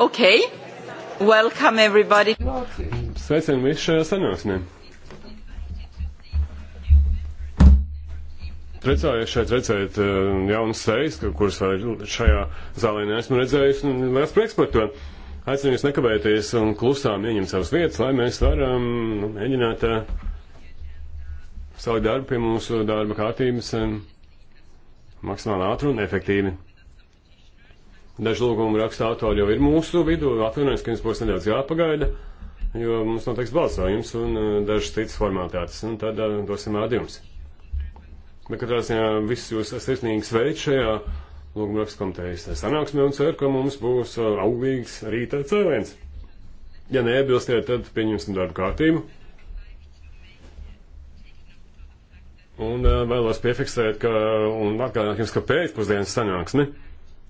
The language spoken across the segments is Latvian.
Okay. Welcome everybody. Sveicam visu šajā sanāksmē. Priecājos šeit redzēt eh, jaunas sejas, kuras šajā zālē neesmu redzējis, un liels prieks par to. Aicinu jūs nekavēties un klusām ieņemt savas vietas, lai mēs varam nu, mēģināt eh, savu darbu pie mūsu darba kārtības eh, maksimāli ātri un efektīvi. Daži lūguma raksta autori jau ir mūsu vidū, atvainojos, ka jums būs nedaudz jāpagaida, jo mums notiks balsojums un uh, dažas citas formalitātes, un tad uh, dosim vārdu jums. Bet katrā ziņā visus jūs sirsnīgi sveicu šajā lūguma raksta komitejas sanāksmē un ceru, ka mums būs uh, auglīgs rīta cēliens. Ja neiebilstiet, tad pieņemsim darbu kārtību. Un uh, vēlos piefiksēt, ka, un atgādināt jums, ka pēcpusdienas sanāksme. Ne?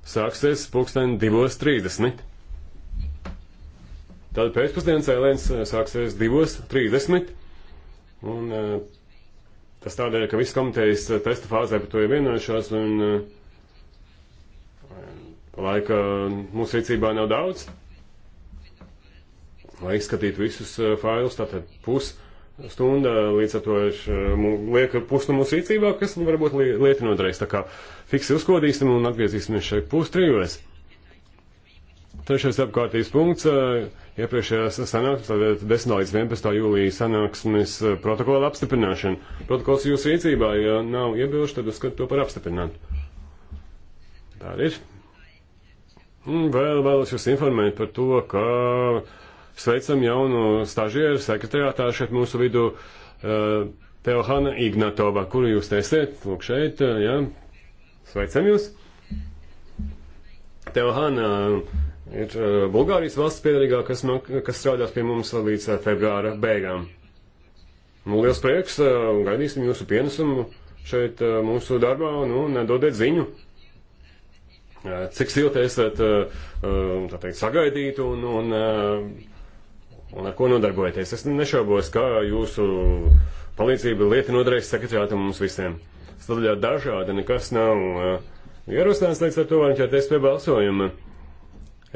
sāksies pulksten 2.30. Tad pēcpusdienas cēliens eh, sāksies 2.30. Un eh, tas tādēļ, ka visas komitejas eh, testa fāzē par to ir vienojušās un laika mūsu rīcībā nav daudz. Lai izskatītu visus failus, tātad pusi stunda, līdz ar to ir eh, liek pusnu mūsu rīcībā, kas nu, varbūt lieti nodarīs. Tā kā fiksi uzkodīsim un atgriezīsimies šeit pustrijos. Trešais apkārtīs punkts eh, iepriekšējās sanāksmes, tātad 10. līdz 11. jūlija sanāksmes eh, protokola apstiprināšana. Protokols jūsu rīcībā, ja nav iebilžu, tad uzskatu to par apstiprinātu. Tā ir. Un vēl vēlos jūs informēt par to, ka Sveicam jaunu stažieru sekretariātā šeit mūsu vidū uh, eh, Teohana Ignatova, kuru jūs tesiet, lūk šeit, uh, jā. Sveicam jūs. Teohana eh, ir uh, Bulgārijas valsts piedarīgā, kas, no, kas strādās pie mums līdz uh, februāra beigām. Nu, liels prieks, uh, gaidīsim jūsu pienesumu šeit uh, mūsu darbā, nu, nedodiet ziņu, cik silti esat, tā teikt, sagaidīti un, un un ar ko nodarbojaties. Es nešaubos, kā jūsu palīdzību lieta nodarīs sekretārātam mums visiem. Stadaļā dažādi nekas nav uh, ierosināts līdz ar to varam ķerties pie balsojuma.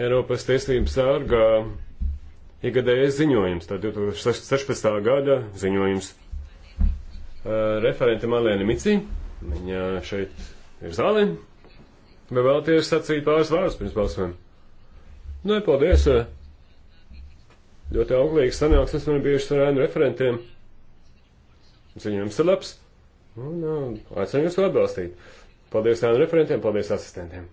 Eiropas tiesības sārgā iegadējais ziņojums, tā 2016. gada ziņojums. Uh, referente Marlēna Mici, viņa šeit ir zālē. Vai vēlaties sacīt pāris vārdus pirms balsojuma? Nē, nu, paldies. Uh, ļoti auglīgas sanāksmes man bijušas ar ēnu referentiem. Ziņojums ir labs. Un nu, aicinu jūs to atbalstīt. Paldies ēnu referentiem, paldies asistentiem.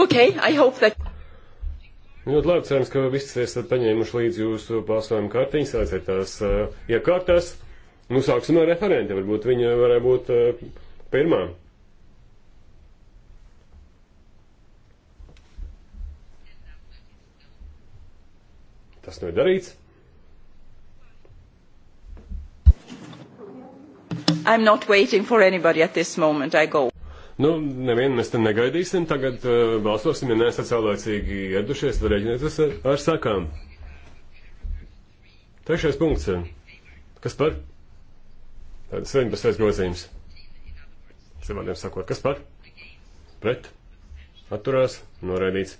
Okay, I hope that Ļoti labi, cerams, ka viss esat paņēmuši līdz jūsu balsojumu kartiņas, aiciet tās uh, iekārtās. Nu, sāksim ar referenti, varbūt viņa varētu būt uh, pirmā. Tas nav darīts. I'm not waiting for anybody at this moment. I go. Nu, nevienu mēs te negaidīsim, tagad uh, balsosim, ja neesat saulēcīgi iedušies, tad rēķinieties ar, ar sakām. Trešais punkts. Kas par? Tāda 17. grozījums. Savādiem sakot, kas par? Pret. Atturās. Noraidīts.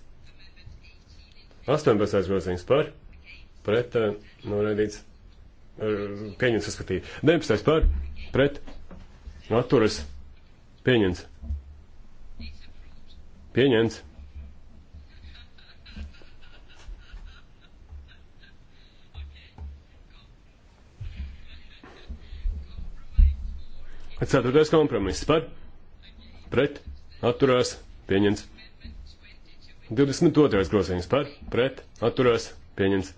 18. grozījums par. Pret. Noraidīts. Pieņemts saskatīt. 19. par. Pret. Atturas. Pieņemts. Pieņemts. Ceturtais kompromiss par, pret, atturās, pieņems. 22. grozījums par, pret, atturās, pieņems.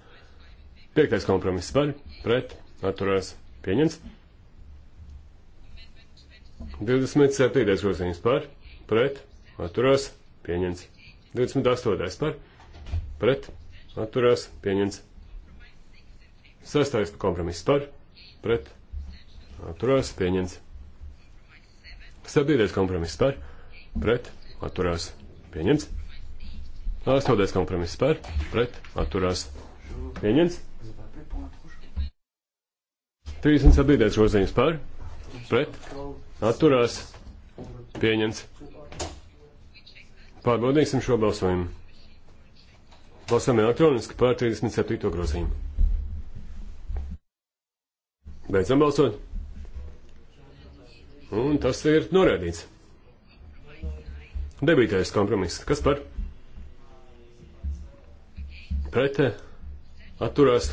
Piektais kompromiss par, pret, atturās, pieņems. 27. grozījums par, pret, atturās, pieņemts. 28. par, pret, atturās, pieņemts. 6. kompromiss par, pret, atturās, pieņemts. 7. kompromiss par, pret, atturās, pieņemts. 8. kompromiss par, pret, atturās, pieņemts. 37. grozījums par, pret, atturās, pieņemts. Pret. Atturās. Pieņemts. Pārbaudīsim šo balsojumu. Balsojam elektroniski par 37. grozījumu. Beidzam balsot. Un tas ir norādīts. Debītais kompromiss. Kas par? Pret. Atturās.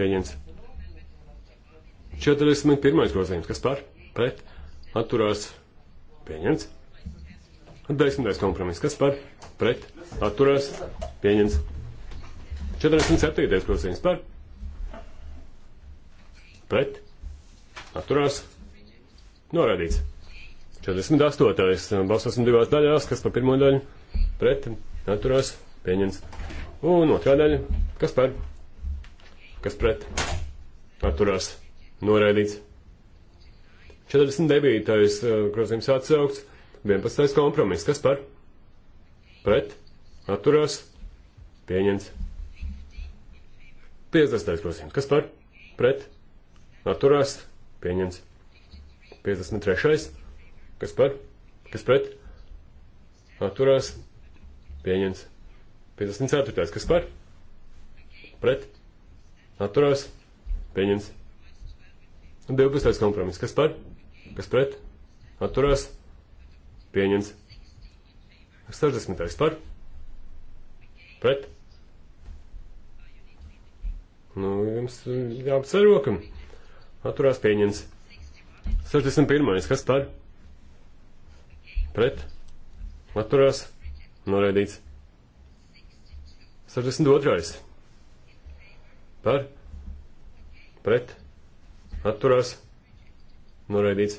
Pieņemts. 41. grozījums. Kas par? pret atturās pieņemts. Desmitais kompromiss, kas par pret atturās pieņemts. 47. grozījums par pret atturās norādīts. 48. balsosim divās daļās, kas par pirmo daļu pret atturās pieņemts. Un otrā daļa, kas par kas pret atturās norādīts. 49. Eh, grozījums atsaukts, 11. kompromiss. Kas par? Pret? Atturās? Pieņemts. 50. grozījums. Kas par? Pret? Atturās? Pieņemts. 53. Kas par? Kas pret? Atturās? Pieņemts. 54. Kas par? Pret? Atturās? Pieņemts. 12. kompromiss. Kas par? Kas pret? Atturās. Pieņems. 60. par. Pret. Nu, jums jāapcer rokam. Atturās pieņems. 61. Kas par? Pret. Atturās. Noraidīts. 62. Par. Pret. Atturās. Noraidīts.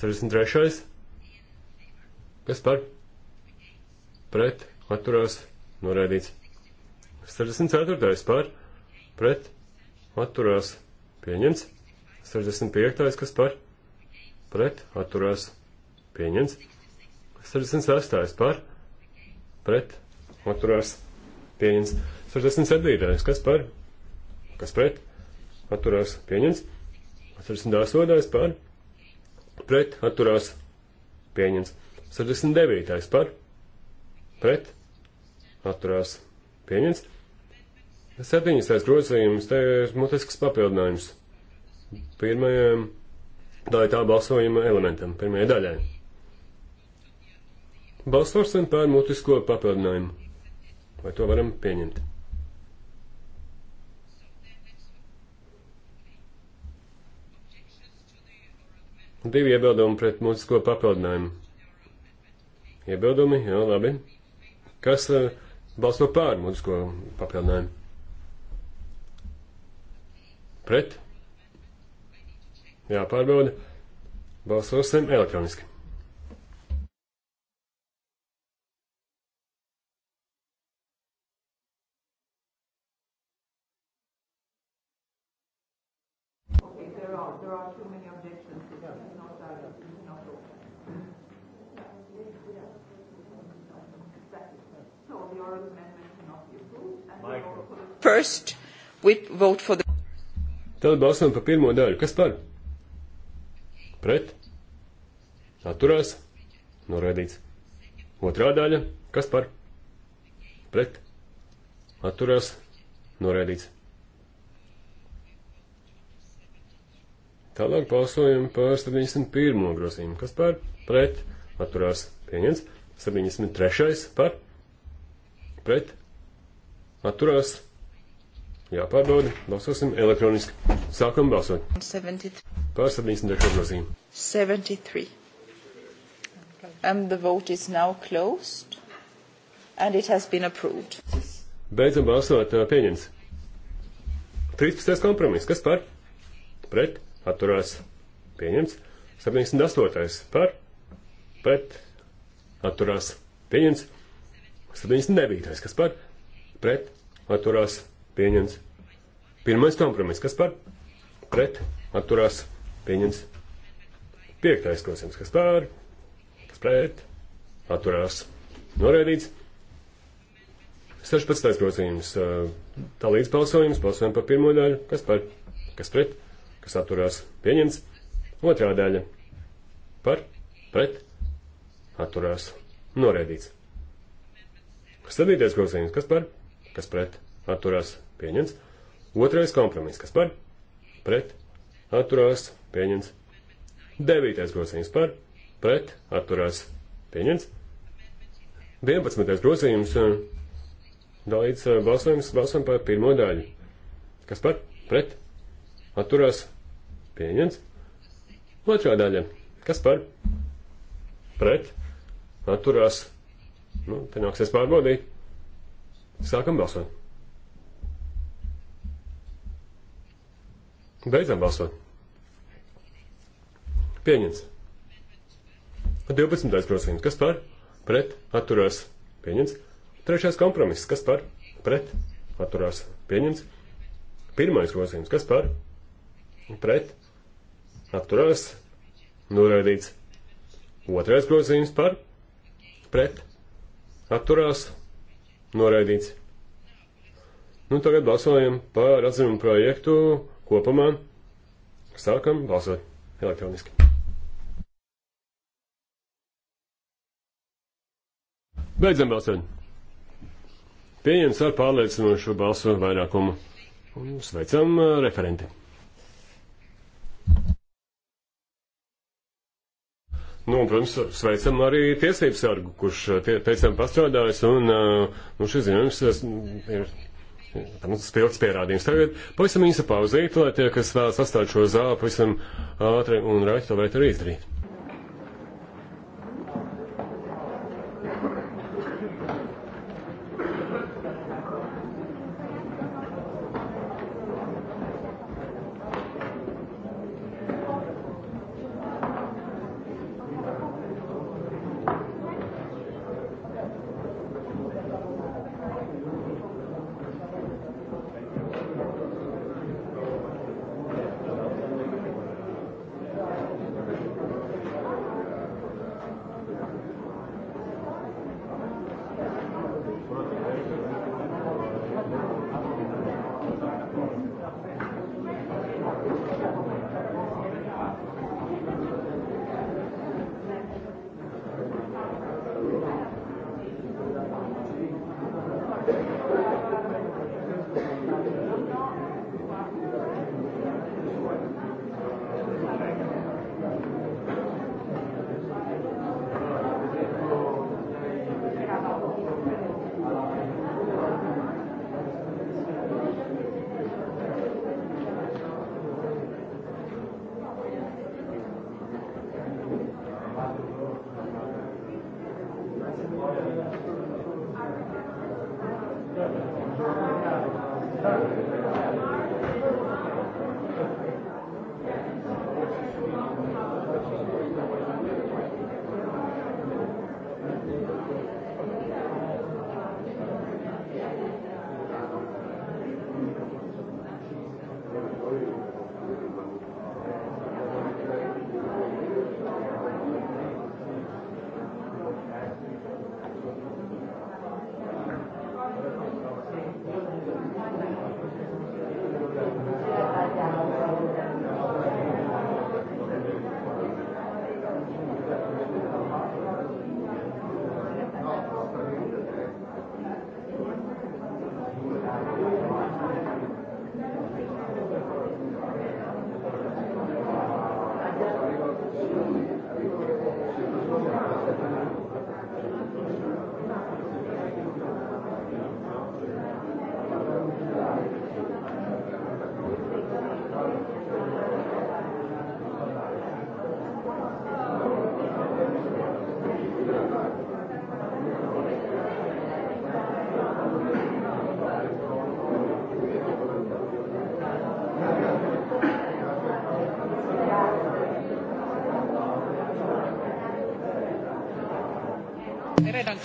63. Kas par? Pret. Atturās. Noraidīts. 64. par? Pret. Atturās. Pieņemts. 65. kas par? Pret. Atturās. Pieņemts. 66. par? Pret. Atturās. Pieņemts. 67. kas par? Kas pret? Atturās. Pieņemts. 60. sodājs par pret atturās pieņems. 69. par pret atturās pieņems. 7. grozījums, te ir mutisks papildinājums pirmajam daļai tā balsojuma elementam, pirmajai daļai. Balsosim par mutisko papildinājumu. Vai to varam pieņemt? Divi iebildumi pret mūzisko papildinājumu. Iebildumi, jā, labi. Kas uh, balso pār mūzisko papildinājumu? Pret? Jā, pārbauda. Balsosim elektroniski. first, we vote for the. Tad balsojam par pirmo daļu. Kas par? Pret? Atturās? Noraidīts. Otrā daļa. Kas par? Pret? Atturās? Noraidīts. Tālāk balsojam par 71. grozījumu. Kas par? Pret? Atturās? Pieņems. 73. par? Pret? Atturās? Noraidīts Jāpārbauda. Balsosim elektroniski. Sākam balsot. 73. Pār 73 grozīm. 73. And the vote is now closed. And it has been approved. Beidzam balsot pieņems. 13. kompromiss. Kas par? Pret. Atturās. Pieņemts. 78. Par. Pret. Atturās. Pieņemts. 79. Kas par? Pret. Atturās pieņems. Pirmais kompromiss, kas par pret atturās pieņems. Piektais klausījums, kas par, kas pret atturās norēdīts. 16. grozījums, tā līdz balsojums, balsojam par pirmo daļu, kas par, kas pret, kas atturās pieņems. Otrā daļa par, pret, atturās norēdīts. 7. grozījums, kas par, kas pret, atturās pieņemts. Otrais kompromiss, kas par, pret, atturās pieņemts. Devītais grozījums par, pret, atturās pieņemts. Vienpadsmitais grozījums dalīts eh, balsojums, balsojums par pirmo daļu. Kas par, pret, atturās pieņemts. Otrā daļa, kas par, pret, atturās. Nu, te nāksies pārbaudīt. Sākam balsot. Beidzam balsot. Pieņems. 12. grozījums. Kas par? Pret. Atturās. Pieņems. Trešais kompromiss. Kas par? Pret. Atturās. Pieņems. Pirmais grozījums. Kas par? Pret. Atturās. Noraidīts. Otrais grozījums par? Pret. Atturās. Noraidīts. Nu, tagad balsojam par atzinumu projektu kopumā. Sākam balsot elektroniski. Beidzam balsot. Pieņems ar pārliecinošu balsu vairākumu. Un sveicam uh, referenti. Nu, un, protams, sveicam arī tiesības sargu, kurš uh, tie, pēc tam pastrādājas, un uh, nu, šis ziņojums mm, ir Tam tas ir ilgs pierādījums. Tagad pavisam īsa pauzīte, lai tie, kas vēlas atstāt šo zāli, pavisam ātri un raiti to varētu arī izdarīt.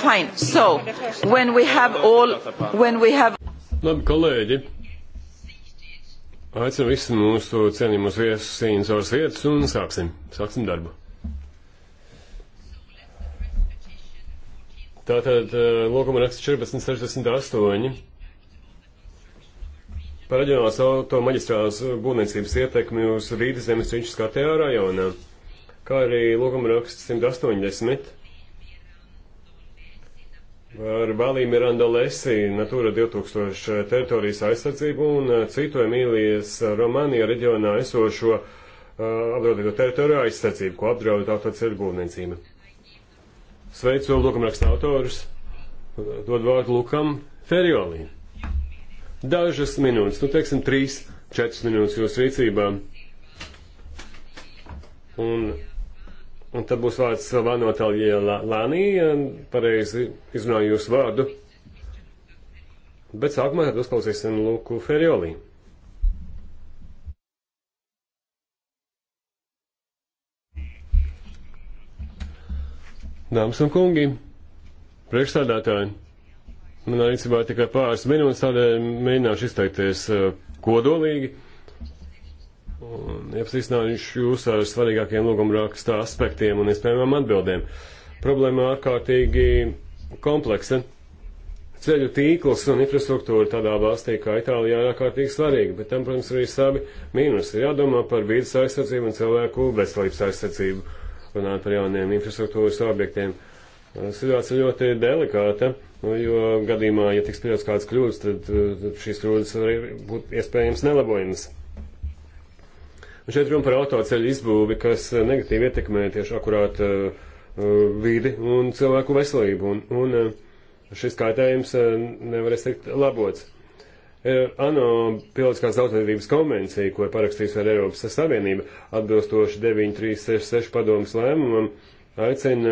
Fine. So, when we have all, when we have... Labi, kolēģi. Aicinu visus mūsu cienījumus viesus cīņas savas vietas un sāksim. Sāksim darbu. Tātad eh, loguma raksts 1468 par reģionālās auto maģistrālas būvniecības ietekmi uz Rīgas zemes riņķu skatējā rajonā, kā arī loguma raksts 180 ar Balī Miranda Lesi, Natūra 2000 teritorijas aizsardzību un eh, citu Emīlijas Romanija reģionā esošo uh, apdraudēto teritoriju aizsardzību, ko apdraud autoceļu būvniecība. Sveicu lūgumraksta autorus, dod vārdu Lukam Feriolī. Dažas minūtes, nu teiksim, trīs, četras minūtes jūsu rīcībā. Un Un tad būs vārds Silvano Talje Lānī, pareizi izrunāju jūsu vārdu. Bet sākumā tad uzklausīsim Luku Feriolī. Dāmas un kungi, priekšstādātāji, man arī cībā tikai pāris minūtes, tādēļ mēģināšu izteikties eh, kodolīgi un iepazīstinājuši jūs ar svarīgākiem logumraksta aspektiem un iespējamām atbildēm. Problēma ārkārtīgi kompleksa. Ceļu tīkls un infrastruktūra tādā valstī kā Itālijā ir ārkārtīgi svarīga, bet tam, protams, arī savi mīnusi. Ir jādomā par vīdas aizsardzību un cilvēku veselības aizsardzību, runājot par jauniem infrastruktūras objektiem. Eh, situācija ļoti delikāta, jo gadījumā, ja tiks pieļauts kāds kļūdas, tad eh, šīs kļūdas var būt iespējams nelabojamas. Šeit runa par autoceļu izbūvi, kas eh, negatīvi ietekmē tieši akurāt uh, vidi un cilvēku veselību. Un, un uh, šis kaitējums uh, nevarēs tikt labots. ANO pilotiskās daudzveidības konvencija, ko ir parakstījusi ar Eiropas Savienību, atbilstoši 9366 padomas lēmumam, aicina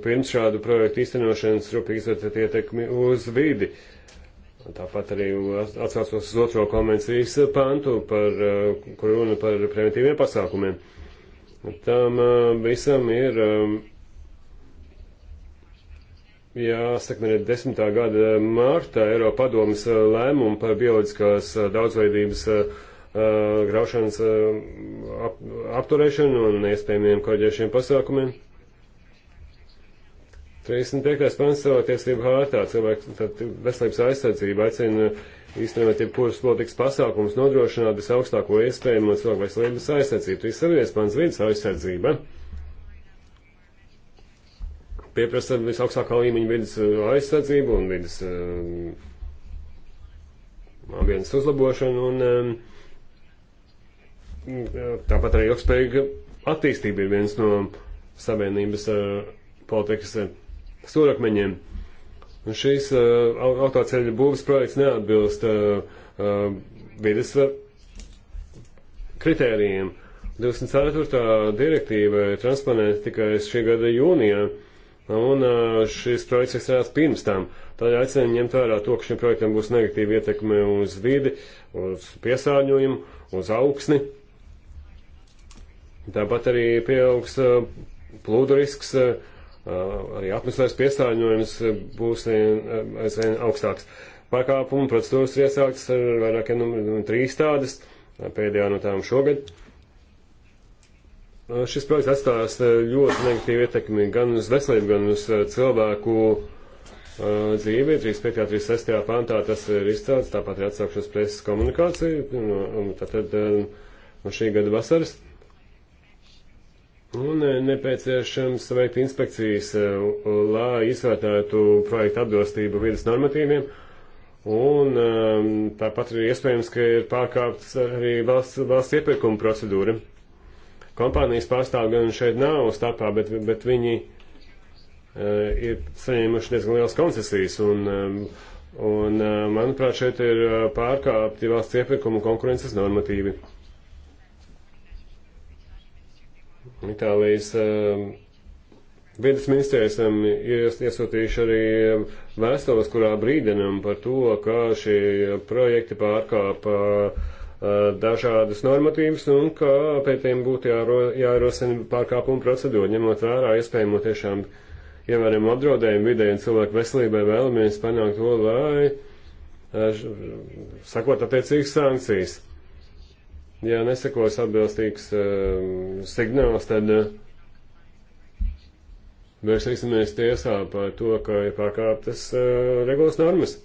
pirms šādu projektu īstenošanas rūpīgi izvērtēt ietekmi uz vidi. Uh, Tāpat arī atsaucos uz otro konvencijas pantu, par, eh, kur runa par preventīviem pasākumiem. Tam eh, visam ir jāsaka, ne 10. gada mārta Eiropa padomas eh, lēmumu par bioloģiskās daudzveidības graušanas apturēšanu un iespējamiem korģēšiem pasākumiem. 35. pants cilvēktiesību hārtā cilvēku veselības aizsardzība aicina īstenot jebkurus politikas pasākumus, nodrošināt visaugstāko iespējamo cilvēku veselības aizsardzību. 37. pants vidas aizsardzība pieprasa visaugstākā līmeņa vidas uh, aizsardzību un vidas um, ambientas uzlabošanu un um, tāpat arī ilgspējīga attīstība ir viens no savienības uh, politikas. Uh, stūrakmeņiem. Un šīs uh, autoceļa būvas projekts neatbilst uh, uh, vides uh, kritērijiem. 24. direktīva ir transponēta tikai šī gada jūnijā, un uh, šis projekts ir strādāts pirms tam. Tādēļ aicinu ņemt vērā to, ka šim projektam būs negatīva ietekme uz vidi, uz piesārņojumu, uz augsni. Tāpat arī pieaugs uh, plūdu risks. Uh, arī atmosfēras piesārņojums e, būs e, aizvien augstāks. Pakāpumu procedūras ir iesāktas ar vairākiem numuriem trīs tādas, pēdējā no tām šogad. Šis projekts atstās e, ļoti negatīvu ietekmi gan uz veselību, gan uz cilvēku dzīvi. 35. 36. pantā tas ir izcēlts, tāpat ir atsākšos preses komunikācija, nu, un, un tātad no šī gada vasaras. Un eh, nepieciešams veikt inspekcijas, eh, lai izvērtētu projektu atbilstību vidas normatīviem. Un eh, tāpat ir iespējams, ka ir pārkāptas arī valsts, valsts iepirkuma procedūra. Kompānijas pārstāv gan šeit nav starpā, bet, bet viņi ir saņēmuši diezgan liels koncesijas. Un, un manuprāt, šeit ir pārkāpti valsts iepirkuma konkurences normatīvi. Itālijas um, vidas ministrijas esam iesūtījuši arī um, vēstules, kurā brīdinam par to, ka šie projekti pārkāpa uh, dažādas normatīvas un ka pēc tiem būtu jāro, jārosina pārkāpuma procedūra, ņemot vērā iespējamo tiešām ievēram apdraudējumu vidē un cilvēku veselībai vēlamies panākt to, lai uh, sakot attiecīgas sankcijas ja nesakos atbilstīgs uh, signāls, tad uh, eh, vērsīsimies tiesā par to, ka ir pārkāptas uh, regulas normas.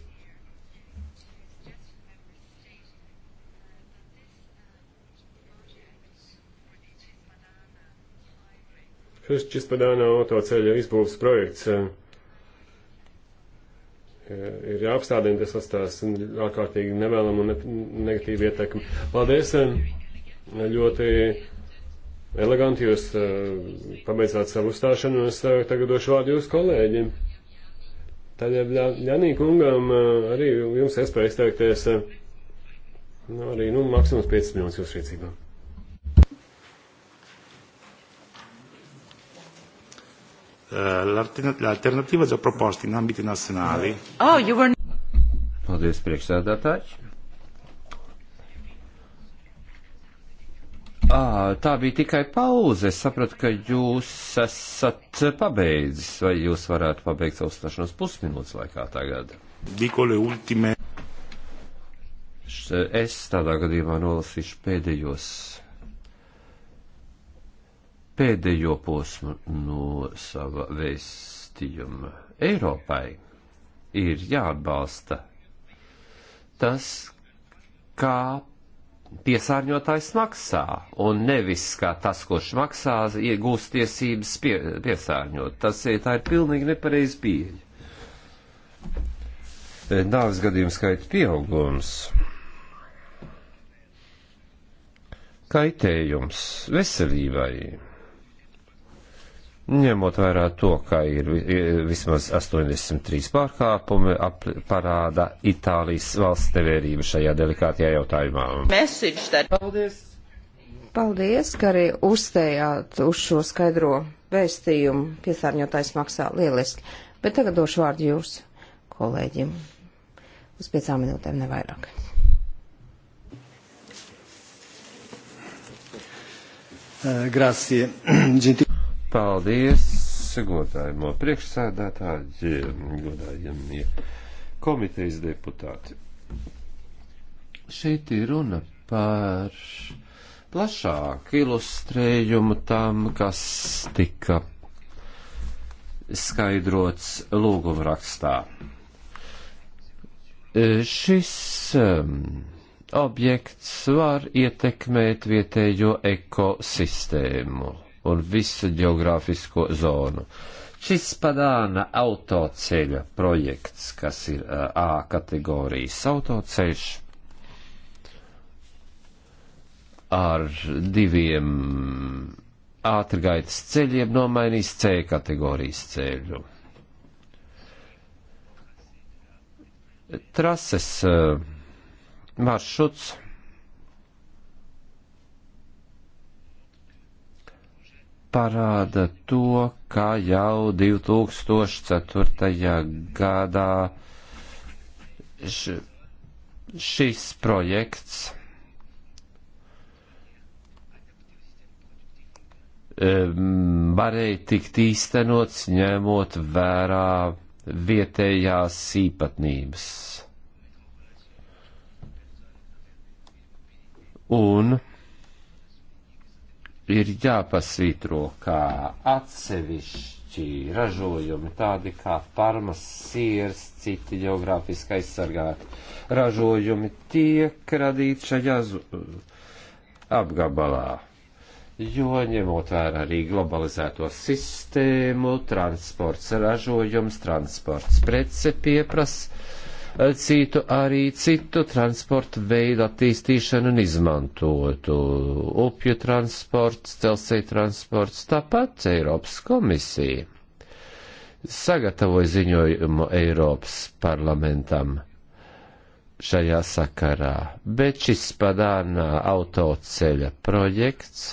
Šis Čispadāna autoceļa izbūves projekts. Uh, ir jāapstādina, tas atstās ārkārtīgi nevēlamu un negatīvu ietekmi. Paldies! Eh, ļoti eleganti jūs eh, pabeidzāt savu uzstāšanu, un es eh, tagad došu vārdu jūsu kolēģim. Tad, ja Ļanī kungam arī jums iespēja izteikties, nu, arī, nu, maksimums 5 minūtes jūsu rīcībā. Eh, l'alternativa già proposta in ambiti nazionali. Oh, you were... Paldies, priekšsēdētāji. À, tā bija tikai pauze. Es sapratu, ka jūs esat pabeidzis, vai jūs varētu pabeigt savu stāšanos pusminūtes laikā tagad. Dikole ultime. Es tādā gadījumā nolasīšu pēdējos pēdējo posmu no sava vēstījuma. Eiropai ir jāatbalsta tas, kā piesārņotājs maksā, un nevis kā tas, kurš maksā, iegūst tiesības pie, piesārņot. Tas ir, e, tā ir pilnīgi nepareiz pieeja. Dāvis e, gadījums skaita pieaugums. Kaitējums veselībai ņemot vērā to, ka ir vismaz 83 pārkāpumi, parāda Itālijas valsts nevērība šajā delikātajā jautājumā. Paldies! Paldies, ka arī uzstējāt uz šo skaidro vēstījumu. Piesārņotājs maksā lieliski. Bet tagad došu vārdu jūs, kolēģim. Uz piecām minūtēm nevairāk. Uh, eh, grazie. Paldies, godājumā priekšsēdētāji, godājumie komitejas deputāti. Šeit ir runa par plašāku ilustrējumu tam, kas tika skaidrots lūguma rakstā. Šis um, objekts var ietekmēt vietējo ekosistēmu un visu geogrāfisko zonu. Šis padāna autoceļa projekts, kas ir A kategorijas autoceļš, ar diviem ātrgaitas ceļiem nomainīs C kategorijas ceļu. Trases maršruts parāda to, ka jau 2004. gadā š, šis projekts um, varēja tikt īstenots ņemot vērā vietējās īpatnības. Un ir jāpasvītro kā atsevišķi ražojumi, tādi kā parmas, siers, citi geogrāfiski aizsargāti ražojumi tiek radīti šajā apgabalā. Jo ņemot vērā arī globalizēto sistēmu, transports ražojums, transports prece pieprasa citu arī citu transportu veidu attīstīšanu un izmantotu. Upju transports, celsēju transports, tāpat Eiropas komisija sagatavoja ziņojumu Eiropas parlamentam šajā sakarā, bet šis padāna autoceļa projekts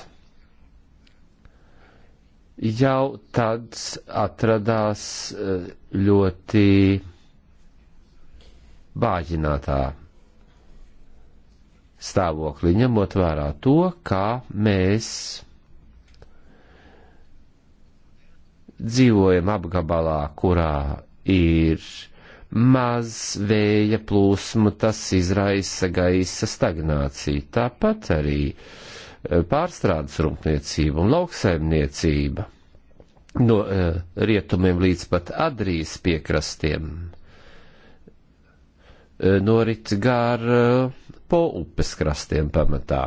jau tad atradās eh, ļoti vājinātā stāvokli, ņemot vērā to, kā mēs dzīvojam apgabalā, kurā ir maz vēja plūsmu, tas izraisa gaisa stagnāciju. Tāpat arī e, pārstrādes rūpniecība un lauksaimniecība no e, rietumiem līdz pat Adrijas piekrastiem Eh, norit gar eh, po upes krastiem pamatā.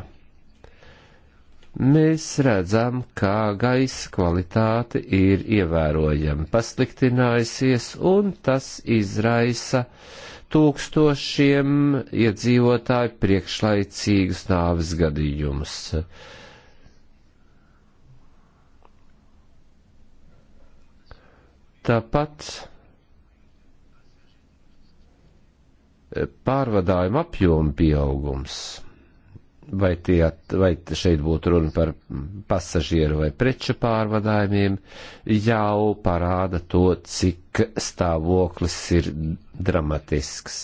Mēs redzam, kā gaisa kvalitāte ir ievērojami pasliktinājusies, un tas izraisa tūkstošiem iedzīvotāju priekšlaicīgus nāves gadījumus. Tāpat pārvadājuma apjoma pieaugums. Vai, tie, vai šeit būtu runa par pasažieru vai preču pārvadājumiem, jau parāda to, cik stāvoklis ir dramatisks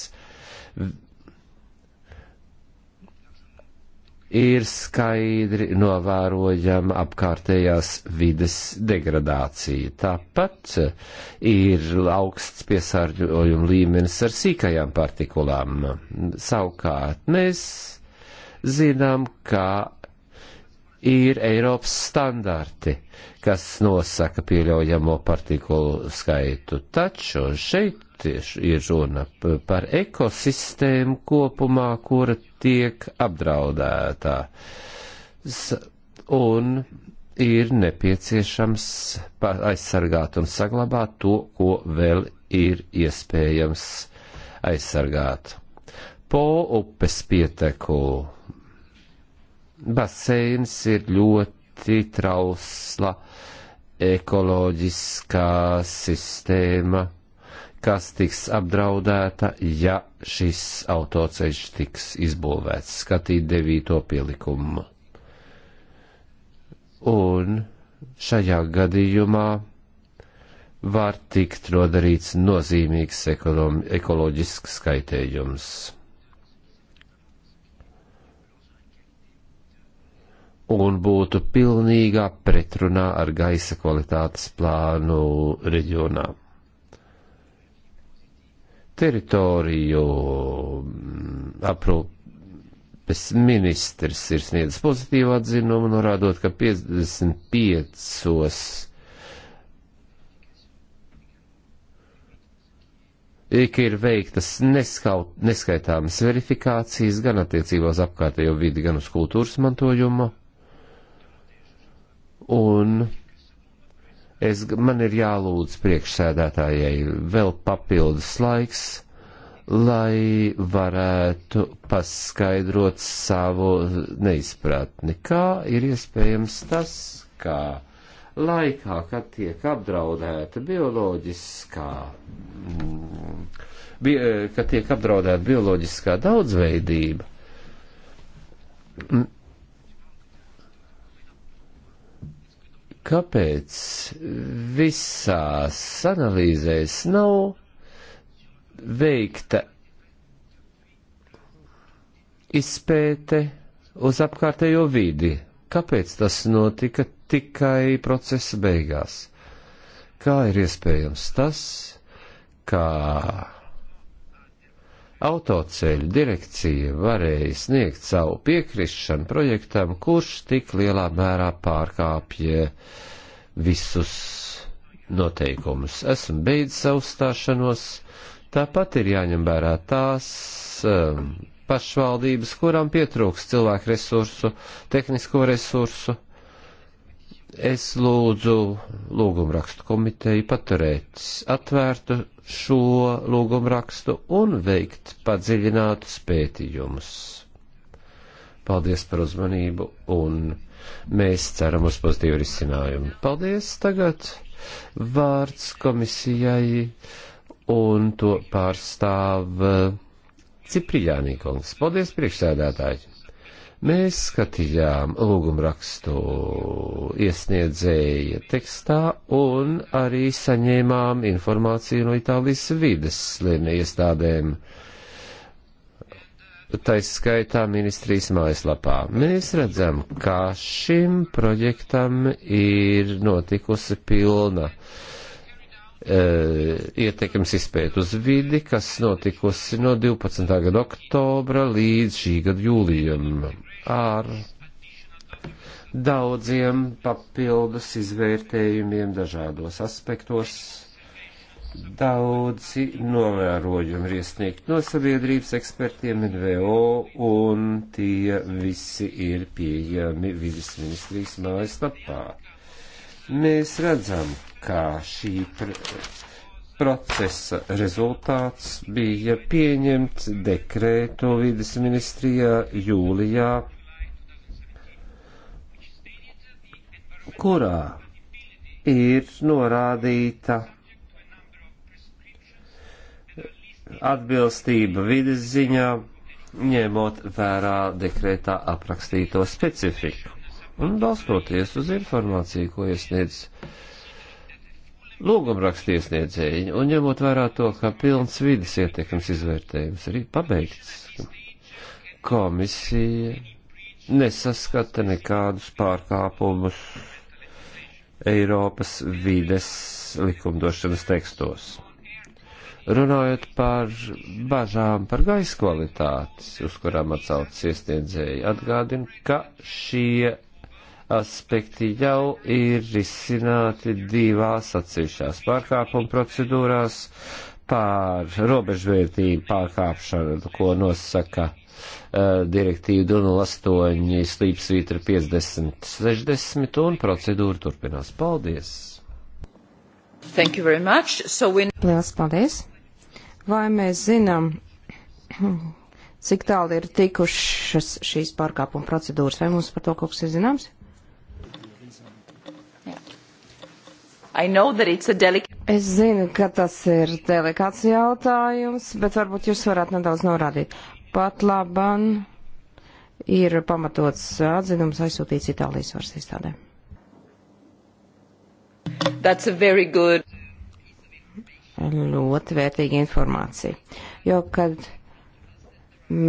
ir skaidri novērojama apkārtējās vides degradācija. Tāpat ir augsts piesārņojuma līmenis ar sīkajām partikulām. Savukārt mēs zinām, ka ir Eiropas standarti, kas nosaka pieļaujamo partikulu skaitu. Taču šeit tieši ir runa par ekosistēmu kopumā, kura tiek apdraudētā. Un ir nepieciešams aizsargāt un saglabāt to, ko vēl ir iespējams aizsargāt. Po upes pieteku baseins ir ļoti trausla ekoloģiskā sistēma kas tiks apdraudēta, ja šis autoceļš tiks izbūvēts, skatīt devīto pielikumu. Un šajā gadījumā var tikt nodarīts nozīmīgs ekoloģisks skaitējums. un būtu pilnīgā pretrunā ar gaisa kvalitātes plānu reģionā teritoriju mm, aprūpes ministrs ir sniedzis pozitīvu atzinumu, norādot, ka 55. ka ir veiktas neskaut, neskaitāmas verifikācijas gan attiecībā uz apkārtējo vidi, gan uz kultūras mantojumu. Un Es, man ir jālūdz priekšsēdētājai vēl papildus laiks, lai varētu paskaidrot savu neizpratni. Kā ir iespējams tas, kā laikā, kad tiek apdraudēta bioloģiskā, mm, bi, kad tiek apdraudēta bioloģiskā daudzveidība, kāpēc visās analīzēs nav veikta izpēte uz apkārtējo vidi, kāpēc tas notika tikai procesa beigās. Kā ir iespējams tas, kā autoceļu direkcija varēja sniegt savu piekrišanu projektam, kurš tik lielā mērā pārkāpja visus noteikumus. Esmu beidzis savu stāšanos, tāpat ir jāņem vērā tās um, pašvaldības, kurām pietrūks cilvēku resursu, tehnisko resursu es lūdzu lūgumrakstu komiteju paturēt atvērtu šo lūgumrakstu un veikt padziļinātus pētījumus. Paldies par uzmanību un mēs ceram uz pozitīvu risinājumu. Paldies tagad vārds komisijai un to pārstāv Ciprijānī kungs. Paldies priekšsēdētāji! Mēs skatījām lūgumrakstu iesniedzēja tekstā un arī saņēmām informāciju no Itālijas vides slimnie iestādēm. Taisa skaitā ministrijas mājaslapā. Mēs redzam, ka šim projektam ir notikusi pilna e, ietekmes izpēta uz vidi, kas notikusi no 12. gada oktobra līdz šī gada jūlijam ar daudziem papildus izvērtējumiem dažādos aspektos. Daudzi novērojumi ir iesniegti no sabiedrības ekspertiem NVO, un tie visi ir pieejami vidas ministrijas mājaslapā. Mēs redzam, kā šī pre procesa rezultāts bija pieņemts dekrēto vidas ministrijā jūlijā, kurā ir norādīta atbilstība vidas ziņā, ņemot vērā dekrētā aprakstīto specifiku. Un balstoties uz informāciju, ko iesniedz lūgumrakstiesniedzēji, un ņemot vērā to, ka pilns vidas ietekmes izvērtējums ir pabeigts, komisija nesaskata nekādus pārkāpumus Eiropas vides likumdošanas tekstos. Runājot par bažām par gaisa kvalitātes, uz kurām atsaucas iesniedzēji, atgādina, ka šie aspekti jau ir risināti divās atsevišķās pārkāpuma procedūrās pār robežvērtību pārkāpšanu, ko nosaka uh, direktīva 08 slīpsvītra 50 60 un procedūra turpinās. Paldies! Thank you very much. So we... Liels paldies! Vai mēs zinām, cik tālu ir tikušas šīs pārkāpuma procedūras, vai mums par to kaut kas ir zināms? Es zinu, ka tas ir delikāts jautājums, bet varbūt jūs varat nedaudz norādīt. Pat laban ir pamatots atzinums aizsūtīts Itālijas varas iestādē. Good... Ļoti vērtīga informācija. Jo, kad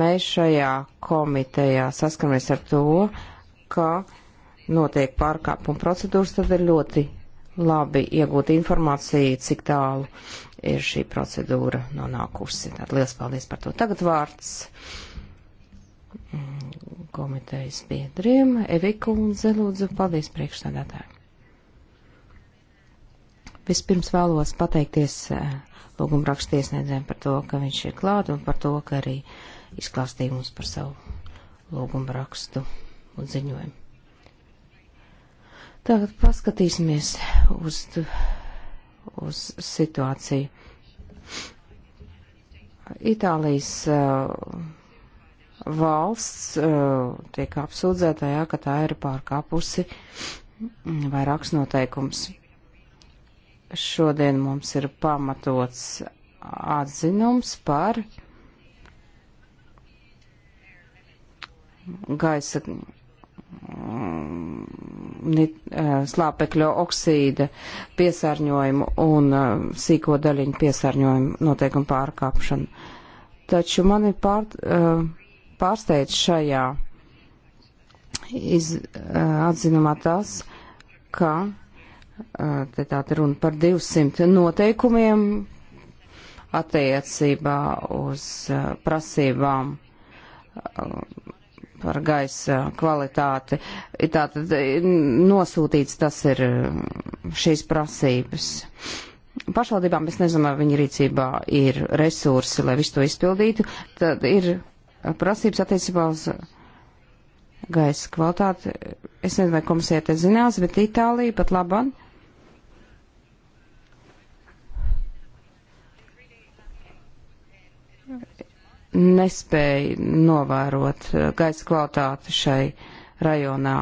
mēs šajā komitejā saskaramies ar to, ka notiek pārkāpuma procedūras, tad ir ļoti labi iegūt informāciju, cik tālu ir šī procedūra nonākusi. Tad liels paldies par to. Tagad vārds mm, komitejas biedriem. Eviku un Zelūdzu, paldies priekšstādātāji. Vispirms vēlos pateikties eh, lūguma rakstiesniedzēm par to, ka viņš ir klāt un par to, ka arī izklāstīja mums par savu lūguma rakstu un ziņojumu. Tagad paskatīsimies uz, uz situāciju. Itālijas uh, valsts uh, tiek apsūdzēta, jā, ka tā ir pārkāpusi vairākus noteikums. Šodien mums ir pamatots atzinums par gaisa Mm, eh, slāpekļa oksīda piesārņojumu un eh, sīko daļiņu piesārņojumu noteikumu pārkāpšanu. Taču mani pār, eh, pārsteidz šajā iz, atzinumā tas, ka te tāda runa par 200 noteikumiem attiecībā uz prasībām par gaisa kvalitāti. Tātad nosūtīts tas ir mm, šīs prasības. Pašvaldībām es nezinu, vai viņa rīcībā ir resursi, lai visu to izpildītu. Tad ir prasības attiecībā uz gaisa kvalitāti. Es nezinu, vai komisija te zinās, bet Itālija pat labāk nespēja novērot eh, gaisa kvalitāti šai rajonā.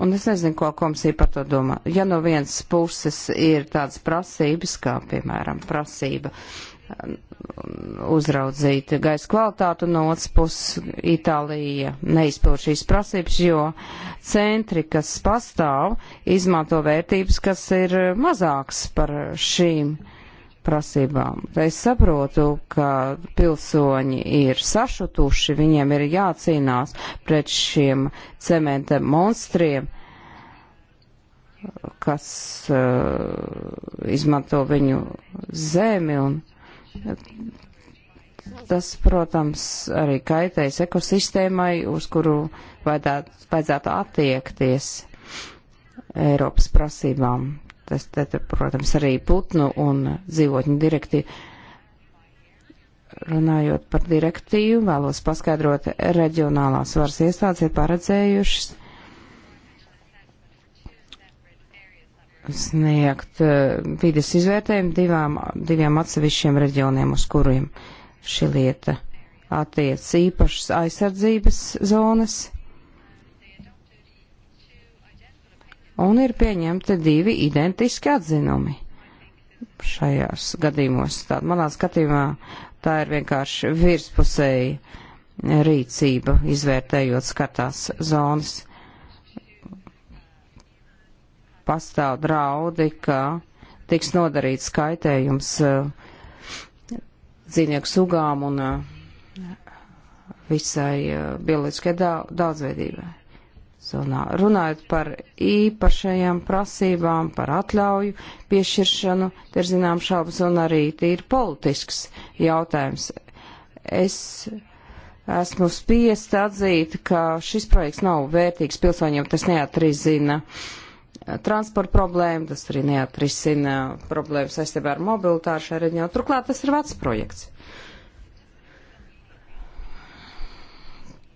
Un es nezinu, ko komisija par to domā. Ja no vienas puses ir tādas prasības, kā piemēram prasība eh, uzraudzīt gaisa kvalitātu, un no otras puses Itālija neizpild šīs prasības, jo centri, kas pastāv, izmanto vērtības, kas ir eh, mazāks par šīm uh, prasībām. Es saprotu, ka pilsoņi ir sašutuši, viņiem ir jācīnās pret šiem cementa monstriem, kas uh, izmanto viņu zemi. Un, tas, protams, arī kaitēs ekosistēmai, uz kuru vajadzētu, vajadzētu attiekties Eiropas prasībām. Tas, tad, protams, arī putnu un dzīvotņu direktīvu. Runājot par direktīvu, vēlos paskaidrot, reģionālās varas iestādes ir paredzējušas sniegt eh, vides izvērtējumu divām, diviem atsevišķiem reģioniem, uz kuriem šī lieta attiec īpašas aizsardzības zonas un ir pieņemti divi identiski atzinumi šajās gadījumos. Tātad manā skatījumā tā ir vienkārši virspusēja rīcība, izvērtējot skatās zonas. Pastāv draudi, ka tiks nodarīts kaitējums eh, dzīvnieku sugām un eh, visai eh, bioloģiskai daudzveidībai zonā. Runājot par īpašajām prasībām, par atļauju piešķiršanu, te ir zinām šaubas un arī tīri politisks jautājums. Es esmu spiest atzīt, ka šis projekts nav vērtīgs pilsoņiem, tas neatrisina transporta problēmu, tas arī neatrisina problēmas saistībā ar mobilitāru šajā reģionā. Turklāt tas ir vecs projekts. Uh,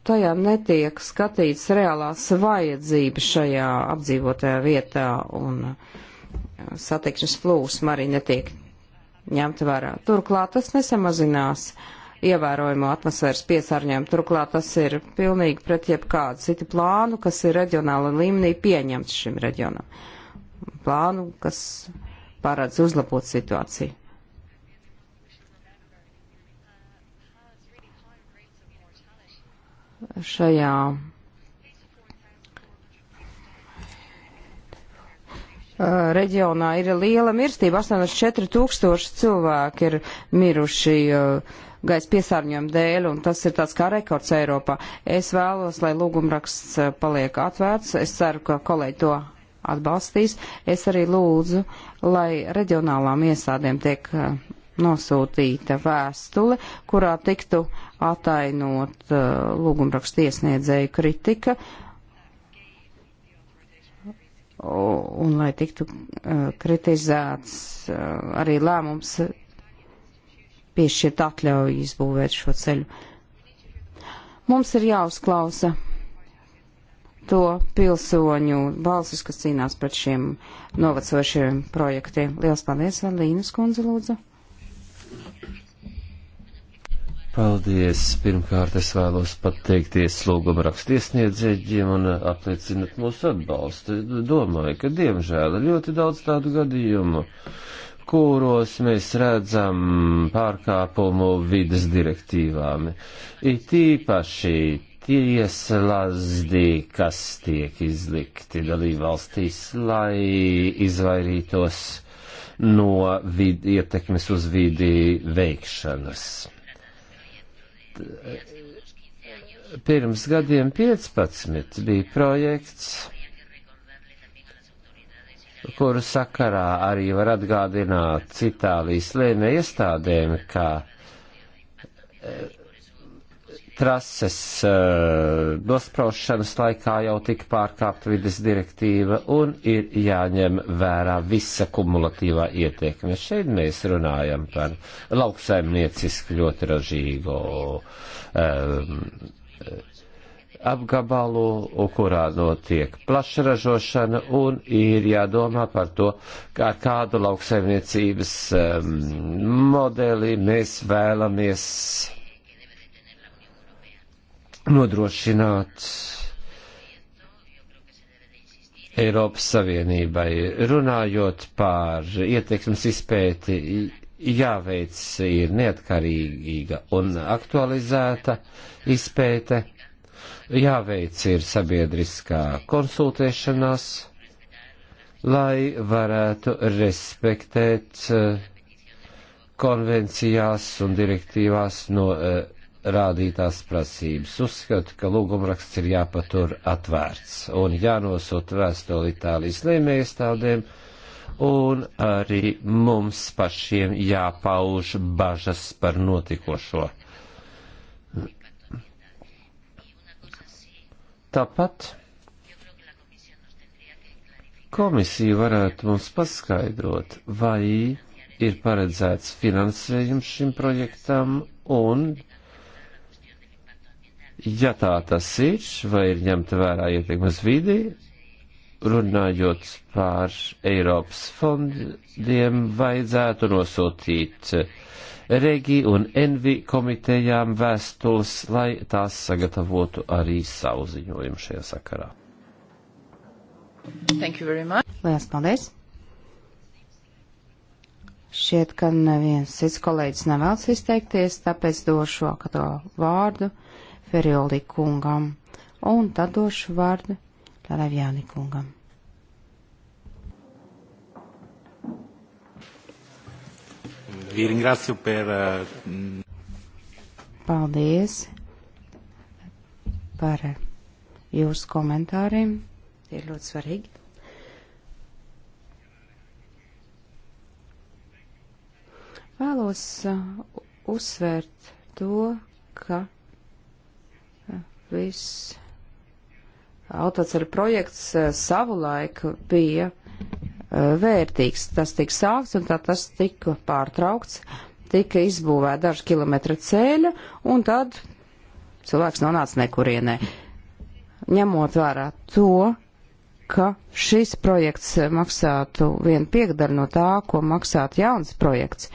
tajā netiek skatīts reālās vajadzības šajā apdzīvotajā vietā un uh, satikšanas plūsma arī netiek ņemta vērā. Turklāt tas nesamazinās ievērojumu atmosfēras piesārņojumu. Turklāt tas ir pilnīgi pret jebkādu citu plānu, kas ir reģionāla līmenī pieņemts šim reģionam. Plānu, kas paredz uzlabot situāciju. šajā reģionā ir liela mirstība. 84 tūkstoši cilvēki ir miruši gaisa piesārņojuma dēļ, un tas ir tāds kā rekords Eiropā. Es vēlos, lai lūgumraksts paliek atvērts. Es ceru, ka kolēģi to atbalstīs. Es arī lūdzu, lai reģionālām iestādēm tiek nosūtīta vēstule, kurā tiktu atainot uh, lūgumrakstu iesniedzēju kritika, un lai tiktu uh, kritizēts uh, arī lēmums piešķirt atļauju izbūvēt šo ceļu. Mums ir jāuzklausa to pilsoņu balsis, kas cīnās pret šiem novecojušiem projektiem. Lielas paldies, Līnas kundze, lūdzu. Paldies! Pirmkārt, es vēlos pateikties lūguma rakstiesniedzēģiem un apliecināt mūsu atbalstu. Domāju, ka diemžēl ir ļoti daudz tādu gadījumu, kuros mēs redzam pārkāpumu vidas direktīvām. It īpaši tieslazdi, kas tiek izlikti dalībvalstīs, lai izvairītos no vid, ietekmes uz vidi veikšanas pirms gadiem 15 bija projekts, kuru sakarā arī var atgādināt Itālijas lēmē iestādēm, ka trases eh, nospraušanas laikā jau tika pārkāpta vides direktīva un ir jāņem vērā visa kumulatīvā ietekme. Šeit mēs runājam par lauksaimniecisku ļoti ražīgo um, apgabalu, kurā notiek plaša ražošana un ir jādomā par to, kā kādu lauksaimniecības um, modeli mēs vēlamies nodrošināt Eiropas Savienībai. Runājot par ietekmes izpēti, jāveic ir neatkarīga un aktualizēta izpēte, jāveic ir sabiedriskā konsultēšanās, lai varētu respektēt eh, konvencijās un direktīvās no, eh, rādītās prasības. Uzskatu, ka lūgumraksts ir jāpatur atvērts un jānosūta vēstuli Itālijas lēmējstādēm un arī mums pašiem jāpauž bažas par notikošo. Tāpat komisija varētu mums paskaidrot, vai ir paredzēts finansējums šim projektam un Ja tā tas ir, vai ir ņemta vērā ietekmes vidi, runājot par Eiropas fondiem, vajadzētu nosūtīt Regi un Envi komitejām vēstules, lai tās sagatavotu arī savu ziņojumu šajā sakarā. Lielas paldies! Šķiet, ka neviens cits kolēģis nevēlas izteikties, tāpēc došu to vārdu Ferioli kungam, un tad došu vārdu Laravjāni kungam. Vi ringrazio per. Eh, Paldies par jūsu komentāriem. Tie ir ļoti svarīgi. Vēlos eh, uzsvērt to, ka viss autoceļu projekts eh, savulaik bija eh, vērtīgs. Tas tika sākts un tā tas tika pārtraukts. Tika izbūvēta daži kilometri ceļa un tad cilvēks nonāca nekurienē. Ņemot vērā to, ka šis projekts eh, maksātu vienu piekdaļu no tā, ko maksātu jauns projekts,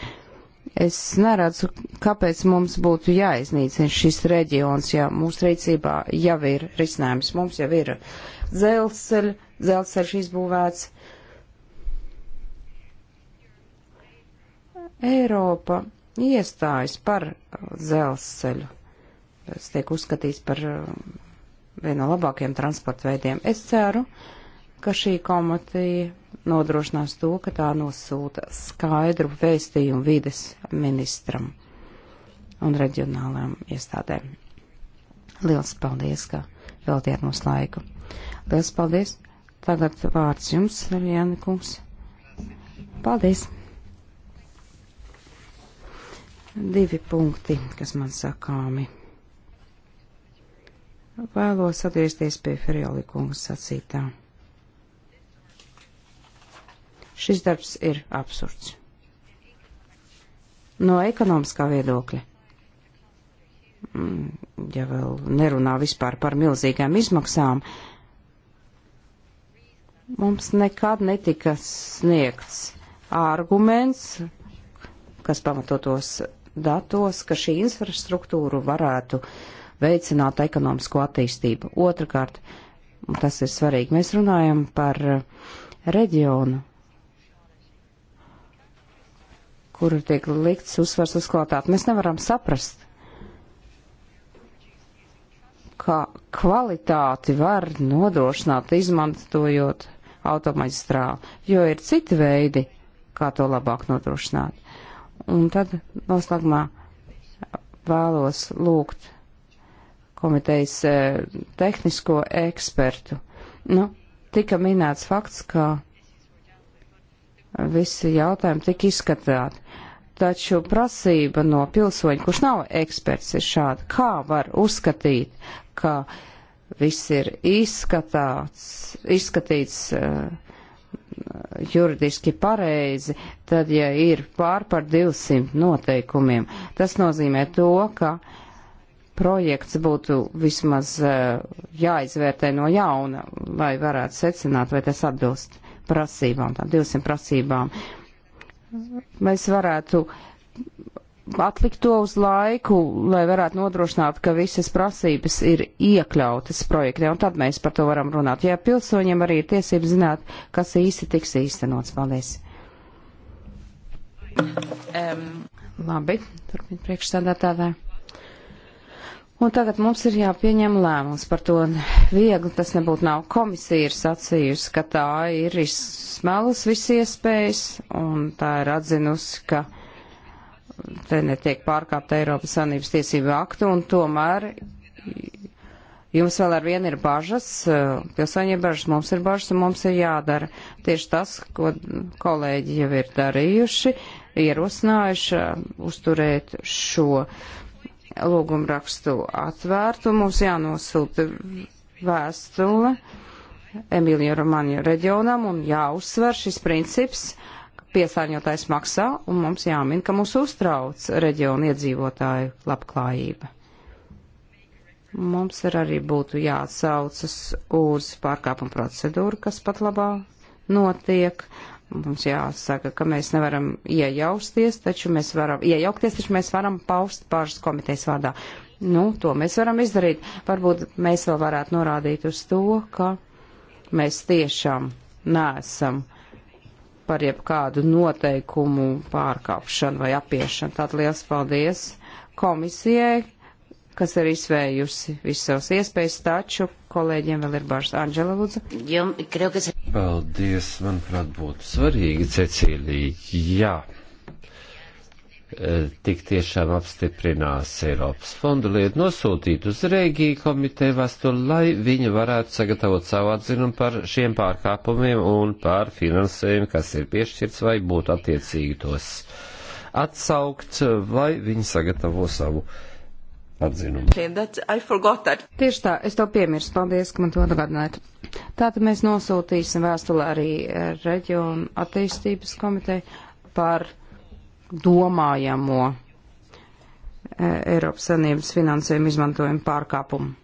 Es neredzu, kāpēc mums būtu jāiznīcina šis reģions, ja mūsu rīcībā jau ir risinājums. Mums jau ir dzelzceļ, dzelzceļš izbūvēts. Eiropa iestājas par dzelzceļu. Tas tiek uzskatīts par um, vienu no labākajiem transporta veidiem. Es ceru, ka šī komitīja nodrošinās to, ka tā nosūta skaidru vēstījumu vides ministram un reģionālām iestādēm. Liels paldies, ka veltiet mums laiku. Liels paldies. Tagad vārds jums, Jāni Kungs. Paldies. Divi punkti, kas man sakāmi. Vēlos atgriezties pie Ferjoli kungas sacītā. Šis darbs ir absurds. No ekonomiskā viedokļa. Mm, ja vēl nerunā vispār par milzīgām izmaksām, mums nekad netika sniegts arguments, kas pamatotos datos, ka šī infrastruktūra varētu veicināt ekonomisko attīstību. Otrakārt, tas ir svarīgi, mēs runājam par reģionu, kur tiek likts uzsvars uz kvalitāti. Mēs nevaram saprast, kā kvalitāti var nodrošināt, izmantojot automaģistrālu, jo ir citi veidi, kā to labāk nodrošināt. Un tad noslēgumā vēlos lūgt komitejas eh, tehnisko ekspertu. Nu, tika minēts fakts, ka visi jautājumi tika izskatīti. Taču prasība no pilsoņa, kurš nav eksperts, ir šāda. Kā var uzskatīt, ka viss ir izskatāts, izskatīts uh, juridiski pareizi, tad, ja ir pār par 200 noteikumiem, tas nozīmē to, ka projekts būtu vismaz uh, jāizvērtē no jauna, lai varētu secināt, vai tas atbilst prasībām, tām 200 prasībām. Uh, mēs varētu atlikt to uz laiku, lai varētu nodrošināt, ka visas prasības ir iekļautas projektē, un tad mēs par to varam runāt. Jā, pilsoņiem arī ir tiesības zināt, kas īsti tiks īstenots. Paldies! Um. Labi, turpiniet priekšstādātātāju. Un tagad mums ir jāpieņem lēmums par to. Viegli tas nebūtu nav. Komisija ir sacījusi, ka tā ir izsmelus visi iespējas, un tā ir atzinusi, ka te netiek pārkāpta Eiropas Sanības tiesību aktu, un tomēr jums vēl ar vienu ir bažas, pilsoņiem bažas, mums ir bažas, un mums ir jādara tieši tas, ko kolēģi jau ir darījuši, ierosinājuši uzturēt šo lūgumu rakstu atvērtu. Mums jānosūta vēstule Emīlija Romanija reģionam un jāuzsver šis princips, ka piesārņotājs maksā un mums jāmin, ka mūs uztrauc reģionu iedzīvotāju labklājība. Mums ir arī būtu jāatsaucas uz pārkāpumu procedūru, kas pat labā notiek, Mums jāsaka, ka mēs nevaram iejausties, taču mēs varam, iejaukties, taču mēs varam paust pāris komitejas vārdā. Nu, to mēs varam izdarīt. Varbūt mēs vēl varētu norādīt uz to, ka mēs tiešām neesam par jebkādu noteikumu pārkāpšanu vai apiešanu. Tātad liels paldies komisijai, kas ir izvējusi visas savas iespējas, taču kolēģiem vēl ir bažas. Anģela, lūdzu. Paldies, manuprāt, būtu svarīgi, Cecīlija. Jā. Eh, tik tiešām apstiprinās Eiropas fondu lietu nosūtīt uz Rēgiju komiteju vēstuli, lai viņi varētu sagatavot savu atzinumu par šiem pārkāpumiem un par finansējumu, kas ir piešķirts vai būtu attiecīgi tos atsaukt, vai viņi sagatavo savu uh, atzinumu. Tieši tā, es to piemirstu. Paldies, ka man to atgādinājāt. Tātad mēs nosūtīsim vēstuli arī eh, reģionu attīstības komiteju par domājamo eh, Eiropas Savienības finansējumu izmantojumu pārkāpumu.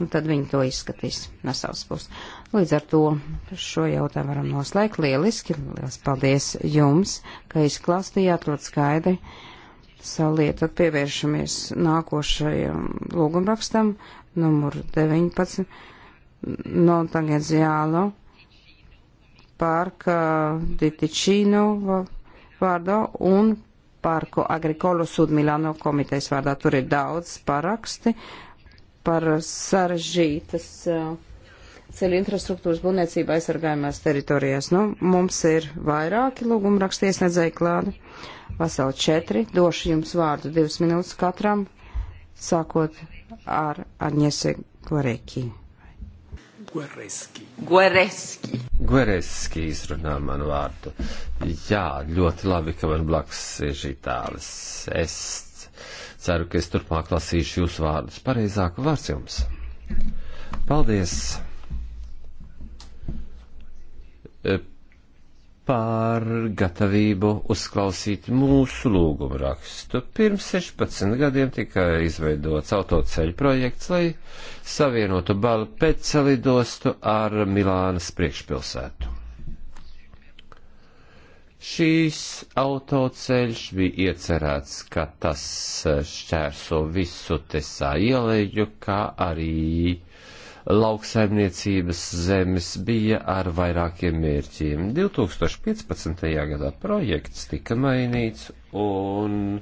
Un tad viņi to izskatīs no savas puses. Līdz ar to šo jautājumu varam noslēgt. Lieliski! Lielas paldies jums, ka izklāstījāt ļoti skaidri saliet, tad pievēršamies nākošajam lūgumrakstam, numur 19, non tangenziālo, parka Diticino vārdā un parku Agrikolo Sud Milano komitejas vārdā. Tur ir daudz paraksti par sarežģītas eh, ceļu infrastruktūras būvniecību aizsargājumās teritorijās. Nu, mums ir vairāki lūgumraksti iesniedzēji klādi. Uh, veseli četri. Došu jums vārdu divas minūtes katram, sākot ar Agnese Goreki. Guereski. Guereski. Guereski izrunā manu vārdu. Jā, ļoti labi, ka man blakus ir itālis. Es ceru, ka es turpmāk lasīšu jūsu vārdus pareizāk vārds jums. Paldies! par gatavību uzklausīt mūsu lūgumu rakstu. Pirms 16 gadiem tika izveidots autoceļu projekts, lai savienotu Balu pēcelidostu ar Milānas priekšpilsētu. Šīs autoceļš bija iecerēts, ka tas šķērso visu tesā ieleju, kā arī uh, lauksaimniecības zemes bija ar vairākiem mērķiem. 2015. gadā projekts tika mainīts un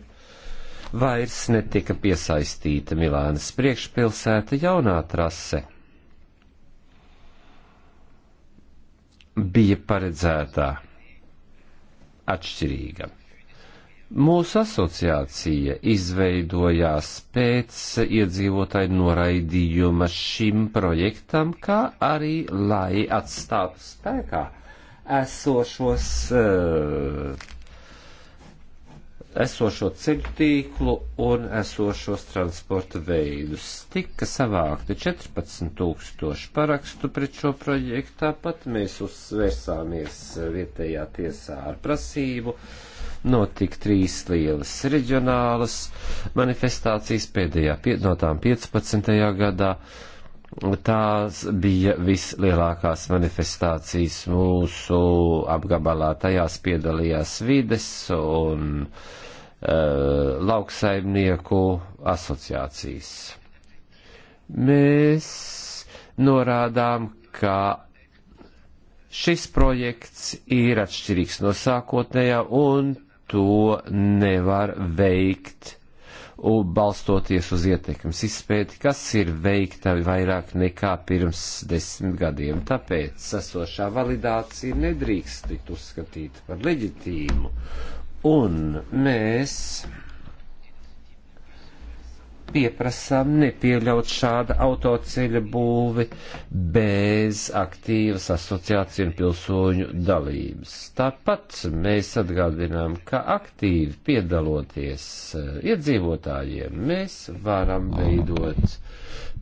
vairs netika piesaistīta Milānas priekšpilsēta jaunā trase. Bija paredzētā atšķirīga. Mūsu asociācija izveidojās pēc iedzīvotāju noraidījuma šim projektam, kā arī lai atstātu spēkā esošos, eh, esošo ceļu tīklu un esošos transporta veidus. Tika savākti 14 tūkstoši parakstu pret šo projektu, tāpat mēs uzsvērsāmies vietējā tiesā ar prasību notika trīs lielas reģionālas manifestācijas pēdējā, no tām 15. gadā. Tās bija vislielākās manifestācijas mūsu apgabalā. Tajās piedalījās vides un uh, lauksaimnieku asociācijas. Mēs norādām, ka šis projekts ir atšķirīgs no sākotnējā un to nevar veikt, un balstoties uz ietekmes izpēti, kas ir veikta vairāk nekā pirms desmit gadiem. Tāpēc sasošā validācija nedrīkst tikt uzskatīta par leģitīmu, un mēs pieprasām nepieļaut šāda autoceļa būvi bez aktīvas asociāciju un pilsoņu dalības. Tāpat mēs atgādinām, ka aktīvi piedaloties eh, iedzīvotājiem, mēs varam veidot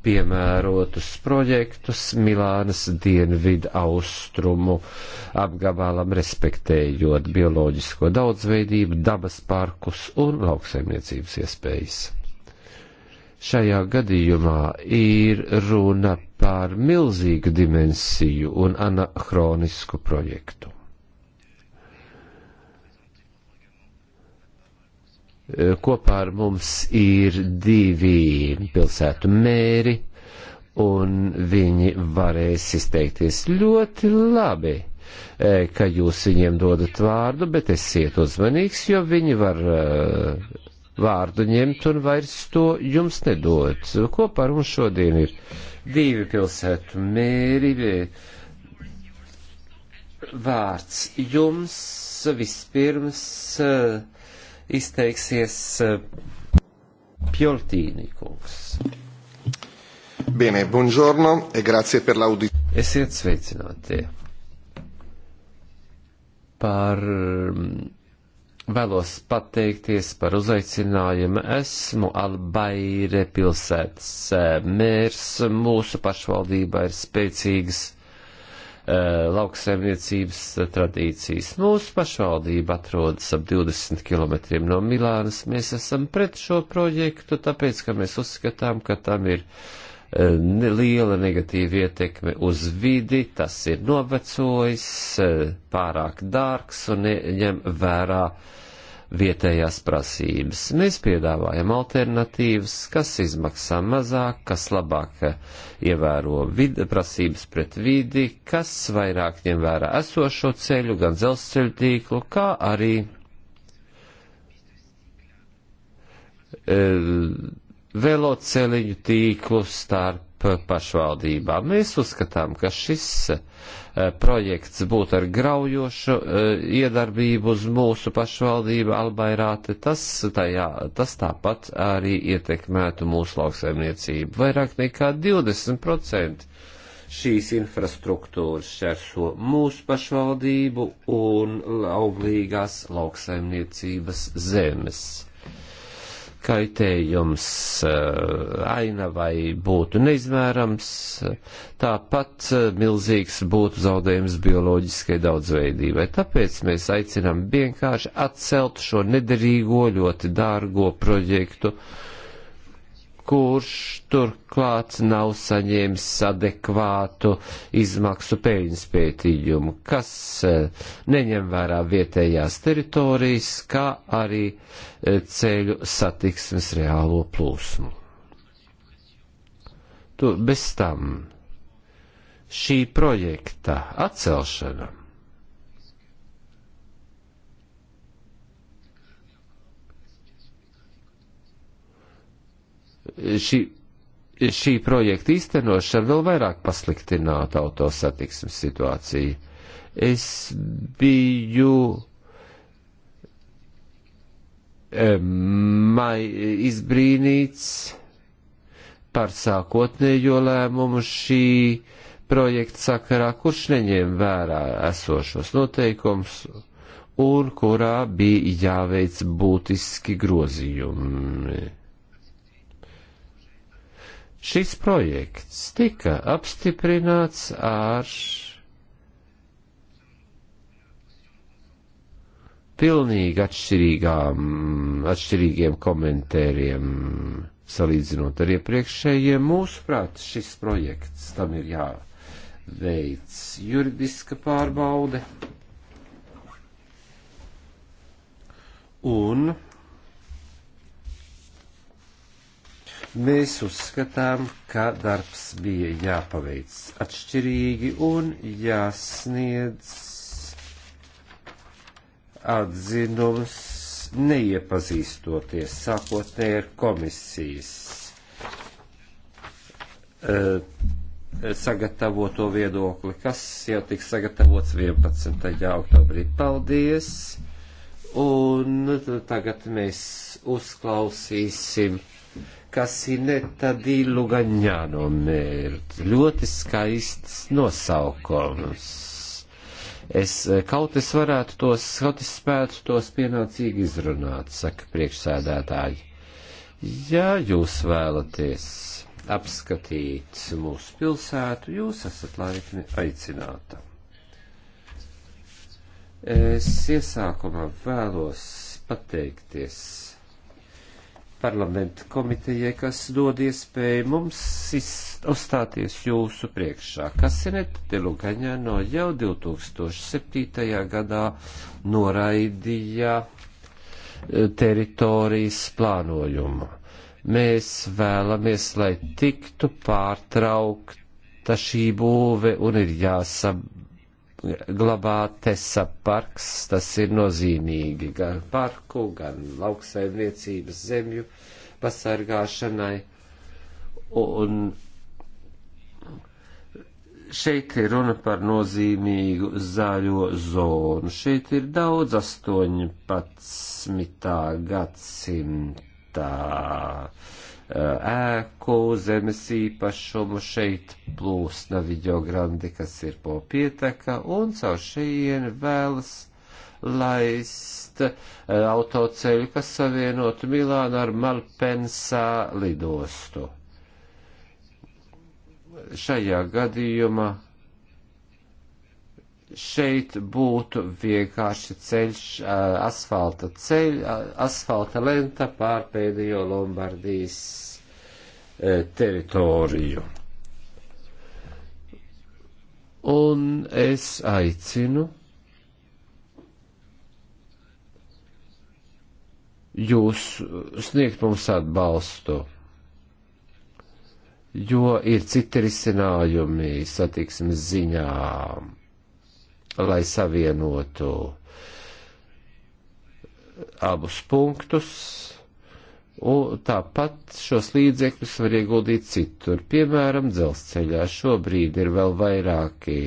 piemērotus projektus Milānas dienvidu austrumu apgabalam, respektējot bioloģisko daudzveidību, dabas parkus un lauksaimniecības iespējas. Šajā gadījumā ir runa par milzīgu dimensiju un anahronisku projektu. Kopā ar mums ir divi pilsētu mēri, un viņi varēs izteikties ļoti labi eh, ka jūs viņiem dodat vārdu, bet esiet uzmanīgs, jo viņi var uh, vārdu ņemt un vairs to jums nedot. Kopā ar mums šodien ir divi pilsētu mēri. Vārds jums vispirms eh, izteiksies eh, Pjoltīni kungs. Bene, buongiorno e grazie per l'audizione. Esiet sveicināti par mm, Vēlos pateikties par uzaicinājumu. Esmu Albaire pilsētas e, mērs. Mūsu pašvaldībā ir spēcīgas e, lauksaimniecības tradīcijas. Mūsu pašvaldība atrodas ap 20 km no Milānas. Mēs esam pret šo projektu, tāpēc, ka mēs uzskatām, ka tam ir uh, liela negatīva ietekme uz vidi, tas ir novecojis, e, pārāk dārgs un neņem vērā vietējās prasības. Mēs piedāvājam alternatīvas, kas izmaksā mazāk, kas labāk e, ievēro vid, prasības pret vidi, kas vairāk ņem vērā esošo ceļu, gan dzelzceļu tīklu, kā arī e, veloceliņu tīklu starp pašvaldībām. Mēs uzskatām, ka šis eh, projekts būtu ar graujošu eh, iedarbību uz mūsu pašvaldību Albairāte. Tas, tajā, tas tāpat arī ietekmētu mūsu lauksaimniecību. Vairāk nekā 20% šīs infrastruktūras šķērso mūsu pašvaldību un auglīgās lauksaimniecības zemes kaitējums eh, aina vai būtu neizmērams, tāpat eh, milzīgs būtu zaudējums bioloģiskai daudzveidībai. Tāpēc mēs aicinām vienkārši atcelt šo nederīgo, ļoti dārgo projektu, uh, kurš turklāt nav saņēmis adekvātu izmaksu peļņas pētījumu, kas e, neņem vērā vietējās teritorijas, kā arī e, ceļu satiksmes reālo plūsmu. Tu, bez tam šī projekta atcelšana šī, šī projekta īstenošana vēl vairāk pasliktinātu autosatiksmes situāciju. Es biju mai izbrīnīts par sākotnējo lēmumu šī projekta sakarā, kurš neņēma vērā esošos noteikums un kurā bija jāveic būtiski grozījumi. Šis projekts tika apstiprināts ar pilnīgi atšķirīgām, atšķirīgiem komentēriem salīdzinot ar iepriekšējiem. Mūsuprāt, šis projekts tam ir jāveic juridiska pārbaude. Un Mēs uzskatām, ka darbs bija jāpaveic atšķirīgi un jāsniedz atzinums neiepazīstoties sākotnēji ar komisijas e, sagatavoto viedokli, kas jau tiks sagatavots 11. oktobrī. Paldies! Un tagad mēs uzklausīsim Kasineta di Lugaņāno mērķi. Ļoti skaists nosaukums. Es kaut es varētu tos, kaut es spētu tos pienācīgi izrunāt, saka priekšsēdētāji. Ja jūs vēlaties apskatīt mūsu pilsētu, jūs esat laipni aicināta. Es iesākumā vēlos pateikties parlamenta komitejai, kas dod iespēju mums uzstāties jūsu priekšā. Kasinete Telugaņā no jau 2007. gadā noraidīja e, teritorijas plānojumu. Mēs vēlamies, lai tiktu pārtraukta šī būve un ir jāsab jāglabā tesa parks, tas ir nozīmīgi gan parku, gan lauksaimniecības zemju pasargāšanai. Un šeit ir runa par nozīmīgu zaļo zonu. Šeit ir daudz 18. gadsimtā ēku, zemes īpašumu, šeit plūsna videograndi, kas ir po pieteka, un caur šejienu vēlas laist autoceļu, kas savienotu Milānu ar Malpensā lidostu. Šajā gadījumā šeit būtu vienkārši ceļš, asfalta ceļ, asfalta lenta pār pēdējo Lombardijas teritoriju. Un es aicinu jūs sniegt mums atbalstu jo ir citi risinājumi satiksmes ziņām lai savienotu abus punktus, un tāpat šos līdzekļus var ieguldīt citur, piemēram, dzelzceļā. Šobrīd ir vēl vairāki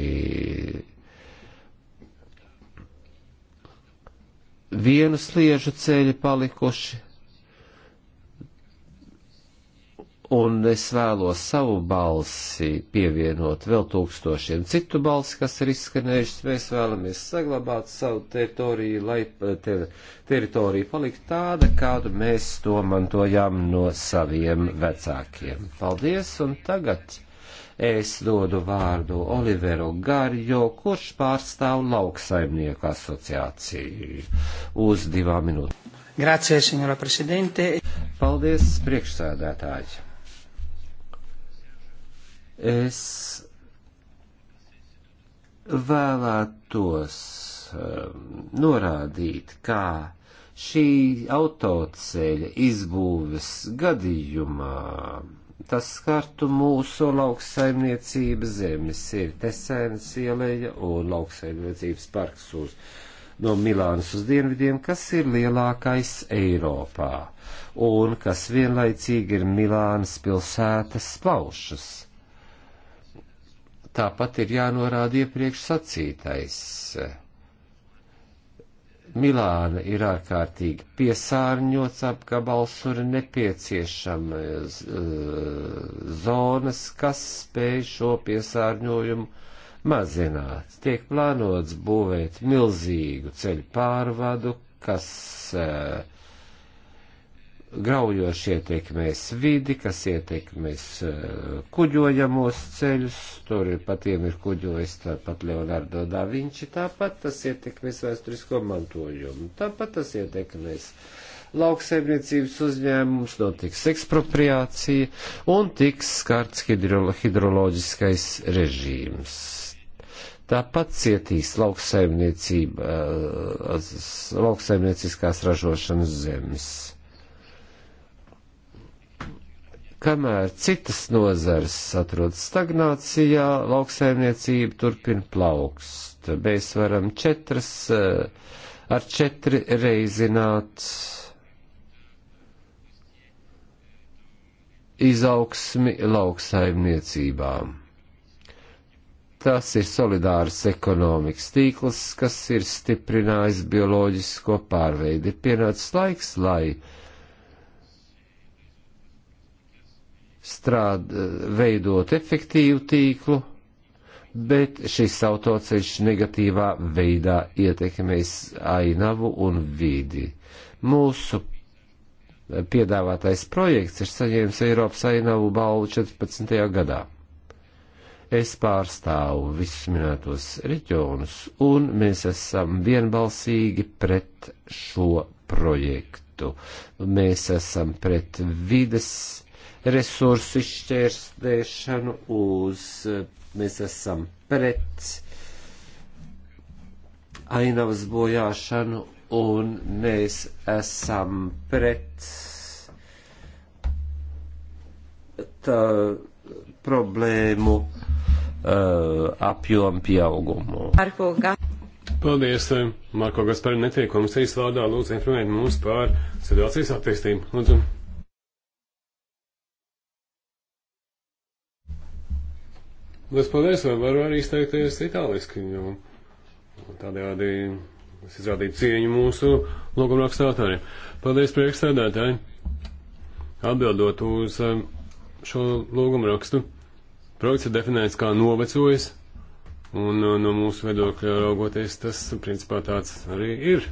vienu sliežu ceļi palikuši un es vēlos savu balsi pievienot vēl tūkstošiem citu balsi, kas ir izskanējušas. Mēs vēlamies saglabāt savu teritoriju, lai eh, te, teritorija palikt tāda, kādu mēs to mantojām no saviem vecākiem. Paldies, un tagad es dodu vārdu Oliveru Garjo, kurš pārstāv lauksaimnieku asociāciju uz divām minūtēm. Grazie, signora Presidente. Paldies, priekšsēdētāji. Es vēlētos um, norādīt, kā šī autoceļa izbūves gadījumā tas skartu mūsu lauksaimniecības zemes ir Tesēnas ieleja un lauksaimniecības parks uz no Milānas uz dienvidiem, kas ir lielākais Eiropā un kas vienlaicīgi ir Milānas pilsētas plaušas Tāpat ir jānorāda iepriekš sacītais. Milāna ir ārkārtīgi piesārņots apgabals un ir nepieciešama eh, zonas, kas spēj šo piesārņojumu mazināt. Tiek plānots būvēt milzīgu ceļu pārvadu, kas uh, graujoši ietekmēs vidi, kas ietekmēs eh, kuģojamos ceļus, tur ir patiem ir kuģojis tāpat Leonardo da Vinci, tāpat tas ietekmēs vēsturisko mantojumu, tāpat tas ietekmēs lauksaimniecības uzņēmums, notiks ekspropriācija un tiks skarts hidro, hidroloģiskais režīms. Tāpat cietīs lauksaimniecība, eh, lauksaimnieciskās ražošanas zemes Kamēr citas nozares atrodas stagnācijā, lauksaimniecība turpina plaukst. Mēs varam četras, eh, ar četri reizināt izaugsmi lauksaimniecībām. Tas ir solidārs ekonomikas tīkls, kas ir stiprinājis bioloģisko pārveidi. Ir pienācis laiks, lai strād, eh, veidot efektīvu tīklu, bet šis autoceļš negatīvā veidā ietekmēs ainavu un vidi. Mūsu piedāvātais projekts ir saņēmis Eiropas ainavu balvu 14. gadā. Es pārstāvu visus minētos reģionus, un mēs esam vienbalsīgi pret šo projektu. Mēs esam pret vides resursu izšķērstēšanu uz, mēs esam pret ainavas bojāšanu un mēs esam pret tā problēmu uh, apjomu pieaugumu. Paldies, eh, Marko Gaspari, netiek komisijas vārdā, lūdzu informēt mūs par situācijas attīstību. Lūdzu. Lielas paldies, vai varu arī izteikties itāliski, jo tādējādi es izrādīju cieņu mūsu logumrakstātājiem. Paldies, priekšsēdētāji! Atbildot uz eh, šo logumrakstu, projekts ir definēts kā novecojis, un eh, no mūsu viedokļa raugoties, tas principā tāds arī ir.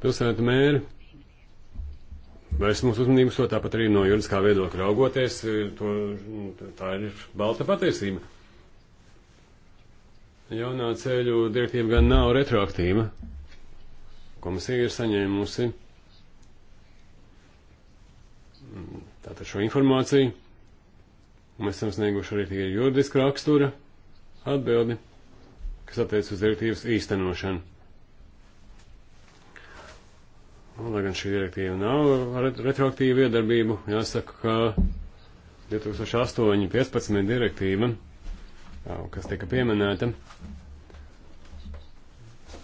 Pilsētu mēri vērst mūsu uzmanības to, tāpat arī no juridiskā viedokļa raugoties, e, to, nu, tā ir balta patiesība. Jaunā ceļu direktīva gan nav retroaktīva. Komisija ir saņēmusi mm, tātad šo informāciju. Mēs esam snieguši arī tikai juridiska rakstura atbildi, kas attiec uz direktīvas īstenošanu. Un, nu, lai gan šī direktīva nav retroaktīva iedarbība, jāsaka, ka 2008.15 direktīva, kas tika pieminēta,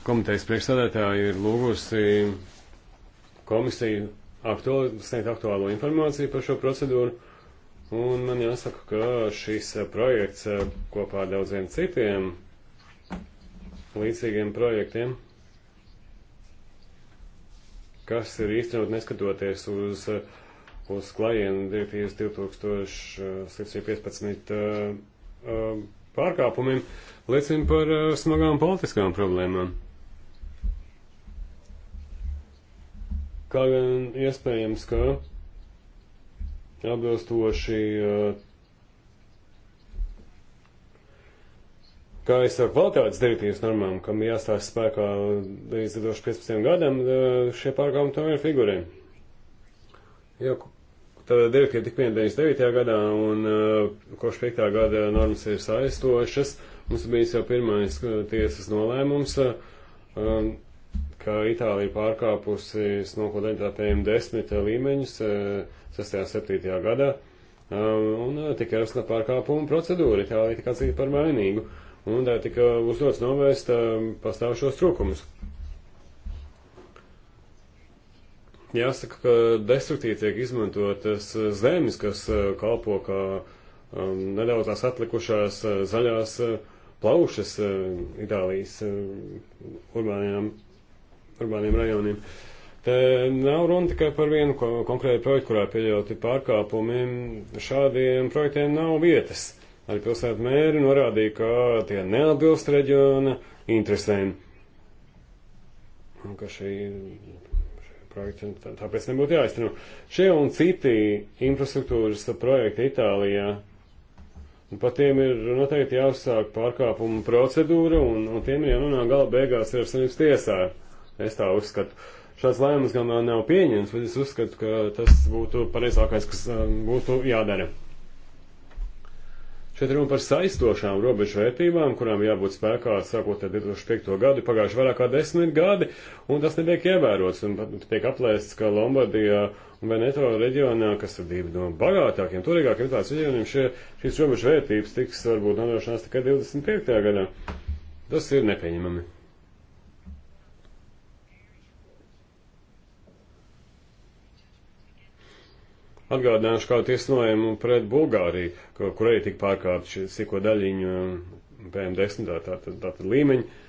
komitejas priekšsēdētāja ir lūgusi komisiju aktuāli, sniegt aktuālo informāciju par šo procedūru. Un man jāsaka, ka šis projekts eh, kopā ar daudziem citiem līdzīgiem projektiem kas ir īstenot neskatoties uz, uz klajienu direktīvas 2015 eh, eh, pārkāpumiem, liecina par eh, smagām politiskām problēmām. Kā gan iespējams, ka atbilstoši kā es ar kvalitātes direktīvas normām, kam jāstāsta spēkā līdz 2015. gadam, eh, šie pārkāpumi tomēr figurē. Jo tāda direktīva tika pieņemta 99. gadā, un uh, kopš 5. gada normas ir saistošas. Mums bija jau pirmais eh, tiesas nolēmums, uh, ka Itālija pārkāpusi nokodētā PM10 līmeņus uh, 6. un 7. gadā, un tika ierasna pārkāpuma procedūra. Itālija tika atzīta par vainīgu. Uh, un tā tika uzdots novērst um, pastāvušos trūkumus. Jāsaka, ka destruktīvi tiek izmantotas zemes, kas uh, kalpo kā um, nedaudz tās atlikušās uh, zaļās uh, plaušas Itālijas urbāniem, urbāniem rajoniem. Te nav runa tikai par vienu konkrētu projektu, kurā pieļauti pārkāpumi. Šādiem projektiem nav vietas. Uh, Arī pilsētu mēri norādīja, ka tie neatbilst reģiona interesēm. Un ka šī, šī projekta tāpēc nebūtu jāizteno. Šie un citi infrastruktūras projekti Itālijā. Par tiem ir noteikti jāuzsāk pārkāpuma procedūra, un, un tiem ir jānonāk gala beigās ar saviem tiesā. Es tā uzskatu. Šāds lēmums gan vēl nav pieņemts, bet es uzskatu, ka tas būtu pareizākais, kas um, būtu jādara. Šeit runa par saistošām robežu vērtībām, kurām jābūt spēkā sākot ar 2005. gadu, pagājuši vairāk kā desmit gadi, un tas netiek ievērots. Un tiek aplēsts, ka Lombardijā un Veneto reģionā, kas ir divi no bagātākiem, turīgākiem tās reģioniem, šie, šīs robežu vērtības tiks varbūt nodrošinās tikai 25. gadā. Tas ir nepieņemami. Atgādināšu kādu tiesu noēmu pret Bulgāriju, kur arī tika pārkāpta šī siko daļiņu um, PM10 tātad tā, tā, tā līmeņa.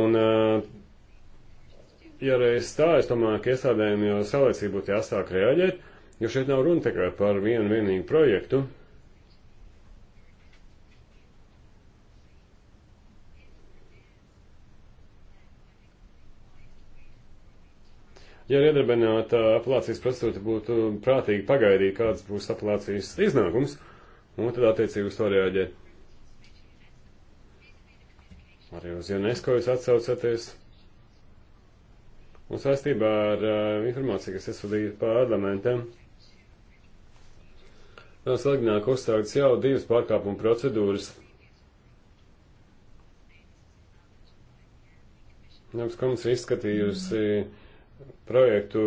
Un, uh, ja reiz tā, es domāju, ka iestādēm jau saulēcīgi būtu jāsāk reaģēt, jo šeit nav runa tikai par vienu vienīgu projektu, Ja iedarbināta apelācijas procedūra būtu prātīgi pagaidīt, kāds būs apelācijas iznākums, un tad attiecīgi uz to reaģēt. Arī uz UNESCO jūs atsaucaties. Un saistībā ar uh, informāciju, kas iesūtīta parlamentam, tās ilgāk uzstāgts jau divas pārkāpuma procedūras. Jums komisija izskatījusi. Mm -hmm projektu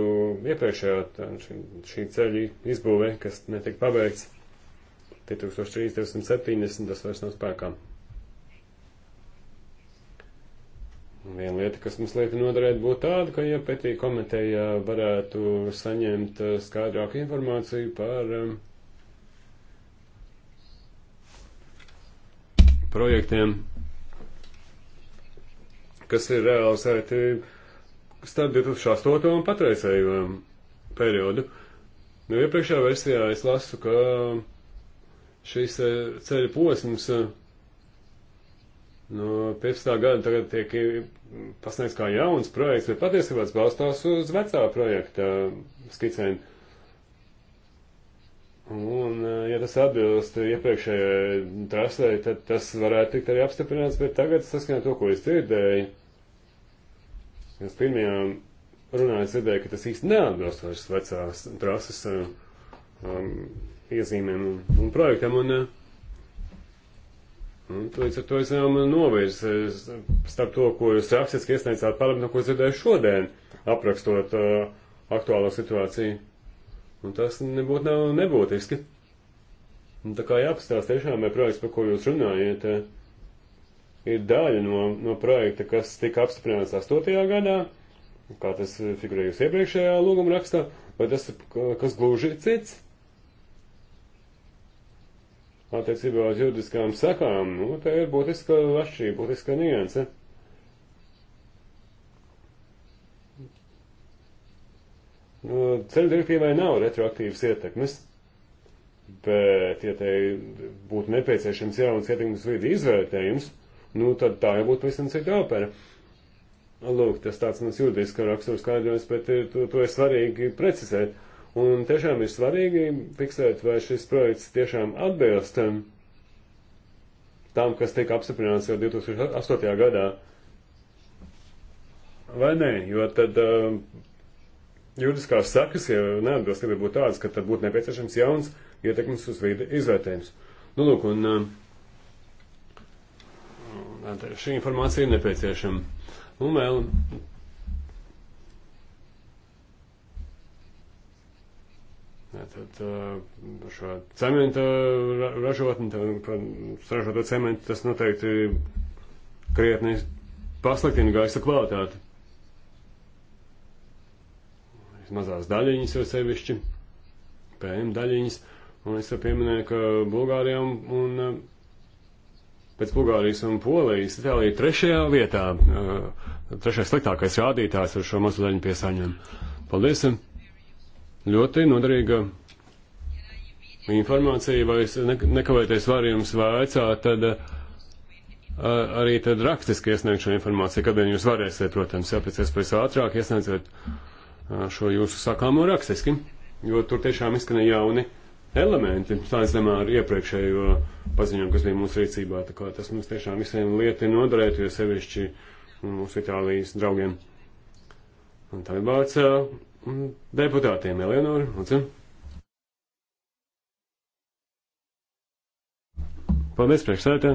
iepriekšējā šī, šī ceļa izbūvē, kas netika pabeigts 2370, tas vairs nav spēkā. Viena lieta, kas mums lieka noderēt, būtu tāda, ka, ja pētī komiteja varētu saņemt uh, skaidrāku informāciju par um, projektiem, kas ir realizēti. Uh, starp 2008. un patreizējo periodu. Nu, iepriekšējā versijā es lasu, ka šīs eh, ceļa posms eh, no 15. gada tagad tiek pasniegts kā jauns projekts, bet patiesībā tas balstās uz vecā projekta skicēm. Un, eh, ja tas atbilst iepriekšējai trasē, tad tas varētu tikt arī apstiprināts, bet tagad saskaņā to, ko es dzirdēju viens pirmajām runājot dzirdēju, ka tas īsti neatbilst vairs vecās trases eh, um, iezīmēm un, un projektam. Un, eh, un to, līdz ar to es jau novirzes eh, starp to, ko jūs rakstiski iesniedzāt parlamentu, no ko dzirdēju šodien, aprakstot uh, aktuālo situāciju. Un tas nebūtu nav nebūtiski. Un tā kā jāpastāst tiešām, vai projekts, par ko jūs runājat, uh, ir daļa no, no projekta, kas tika apstiprināts 8. gadā, kā tas figurējas iepriekšējā lūguma rakstā, vai tas ir kas gluži cits? Attiecībā uz juridiskām sakām, nu, tā ir būtiska atšķirība, būtiska nianse. Nu, ceļu direktīvai nav retroaktīvas ietekmes, bet, ja te būtu nepieciešams jauns ietekmes vidi izvērtējums, nu tad tā jau būtu pavisam cita opera. Lūk, tas tāds mums juridiskā rakstura skaidrojums, bet eh, to, to ir svarīgi precizēt. Un tiešām ir svarīgi fiksēt, vai šis projekts tiešām atbilst eh, tam, kas tika apstiprināts jau 2008. gadā. Vai nē, jo tad uh, juridiskās sakas jau neatbilstība būtu tādas, ka tad būtu nepieciešams jauns ietekmes uz vidi izvērtējums. Nu, lūk, un uh, šī informācija ir nepieciešama. Un nu, vēl Tad šo cementa ražotni, saražoto cementu, tas noteikti krietni pasliktina gaisa kvalitāti. Mazās daļiņas jau sevišķi, PM daļiņas, un es jau pieminēju, ka Bulgārijā un pēc Bulgārijas un Polijas Itālija trešajā vietā, trešais sliktākais rādītājs ar šo mazu daļu piesāņojumu. Paldies! Ļoti noderīga informācija, vai es nekavēties varu jums vaicāt, tad arī tad rakstiski iesniegt šo informāciju, kad vien jūs varēsiet, protams, jāpēc iespējas ātrāk iesniedziet šo jūsu sakāmo rakstiski, jo tur tiešām izskanēja jauni elementi, sācinājumā ar iepriekšējo paziņojumu, kas bija mūsu rīcībā. Tā kā tas mums tiešām visiem lieti noderētu, jo sevišķi mūsu Itālijas draugiem. Un tagad vārds deputātiem Eleonora. Lūdzu. Paldies, priekšsētē.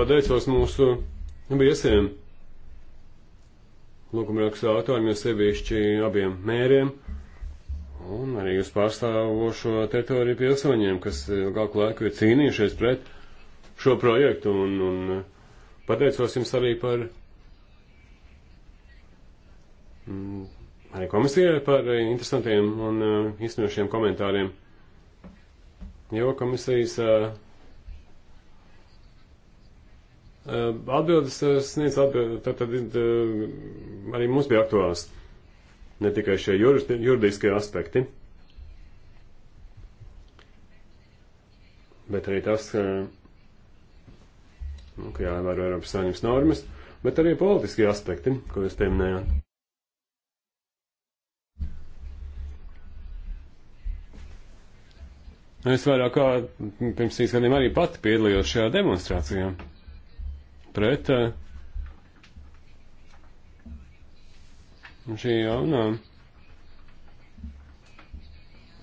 Pateicos mūsu viesiem. Lūgumrakstu autoriem, jo sevišķi abiem mēriem. Uh, un arī uz pārstāvošo teritoriju pilsoņiem, kas ilgāku laiku ir cīnījušies pret šo projektu, un, un eh, pateicos jums arī par mm, arī komisijai par eh, interesantiem un eh, izsmeļošiem komentāriem, jo komisijas atbildes sniedz atbildes, tad, tad arī mums bija aktuāls ne tikai šie juridiskie aspekti, bet arī tas, ka, nu, ka jāievēro Eiropas saimnības normas, bet arī politiskie aspekti, ko jūs pieminējāt. Nu, es vairāk kā pirms trīs gadiem arī pati piedalījos šajā demonstrācijā pret uh, šī jaunā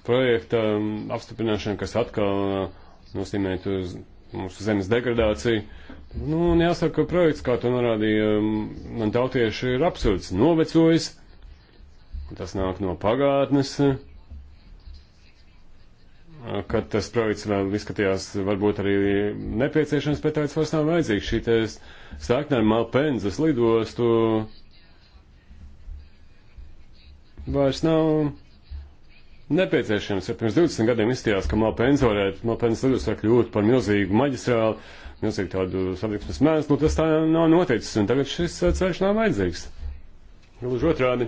projekta apstiprināšana, kas atkal uh, nozīmētu mūsu zemes degradāciju. Nu, un jāsaka, ka projekts, kā to norādīja um, man tautieši, ir absurds, novecojis. Tas nāk no pagātnes, uh, kad tas projekts vēl izskatījās varbūt arī nepieciešams, bet tāds vairs nav vajadzīgs. Šī te sākna ar Malpenzas lidostu. Tu vairs nav nepieciešams. Ja pirms 20 gadiem izstījās, ka Malpens varētu, Malpens lidostā kļūt par milzīgu maģistrālu, milzīgu tādu satiksmes mēslu, nu, tas tā nav noticis, un tagad šis uh, ceļš nav vajadzīgs. Gluži otrādi.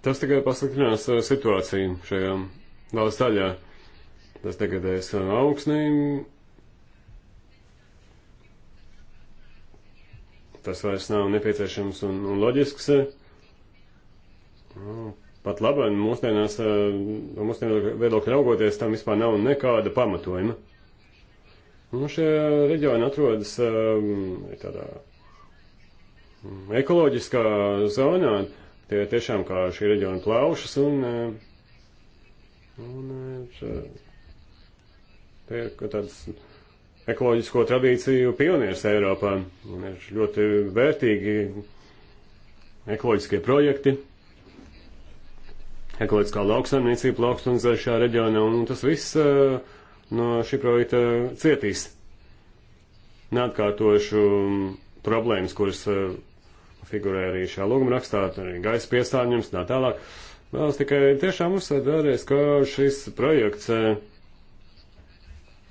Tas tikai pasliktinās uh, situāciju šajā valsts daļā. Tas tagadēs uh, augsnīm tas vairs nav nepieciešams un, un loģisks. Nu, pat labi, mūsdienās, eh, no mūsdienu viedokļa raugoties, tam vispār nav nekāda pamatojuma. Nu, šie reģioni atrodas eh, tādā mm, ekoloģiskā zonā, tie tiešām kā šī reģiona plaušas un, eh, un tie ir tāds ekoloģisko tradīciju pionieris Eiropā. Un ir ļoti vērtīgi ekoloģiskie projekti, ekoloģiskā lauksaimniecība, laukstundzēšā šajā reģionā, un tas viss eh, no šī projekta cietīs. Neatkārtošu problēmas, kuras eh, figurē arī šajā lūguma rakstā, arī gaisa piesārņums un tā tālāk. Vēlos tikai tiešām uzsvērt vēlreiz, ka šis projekts eh,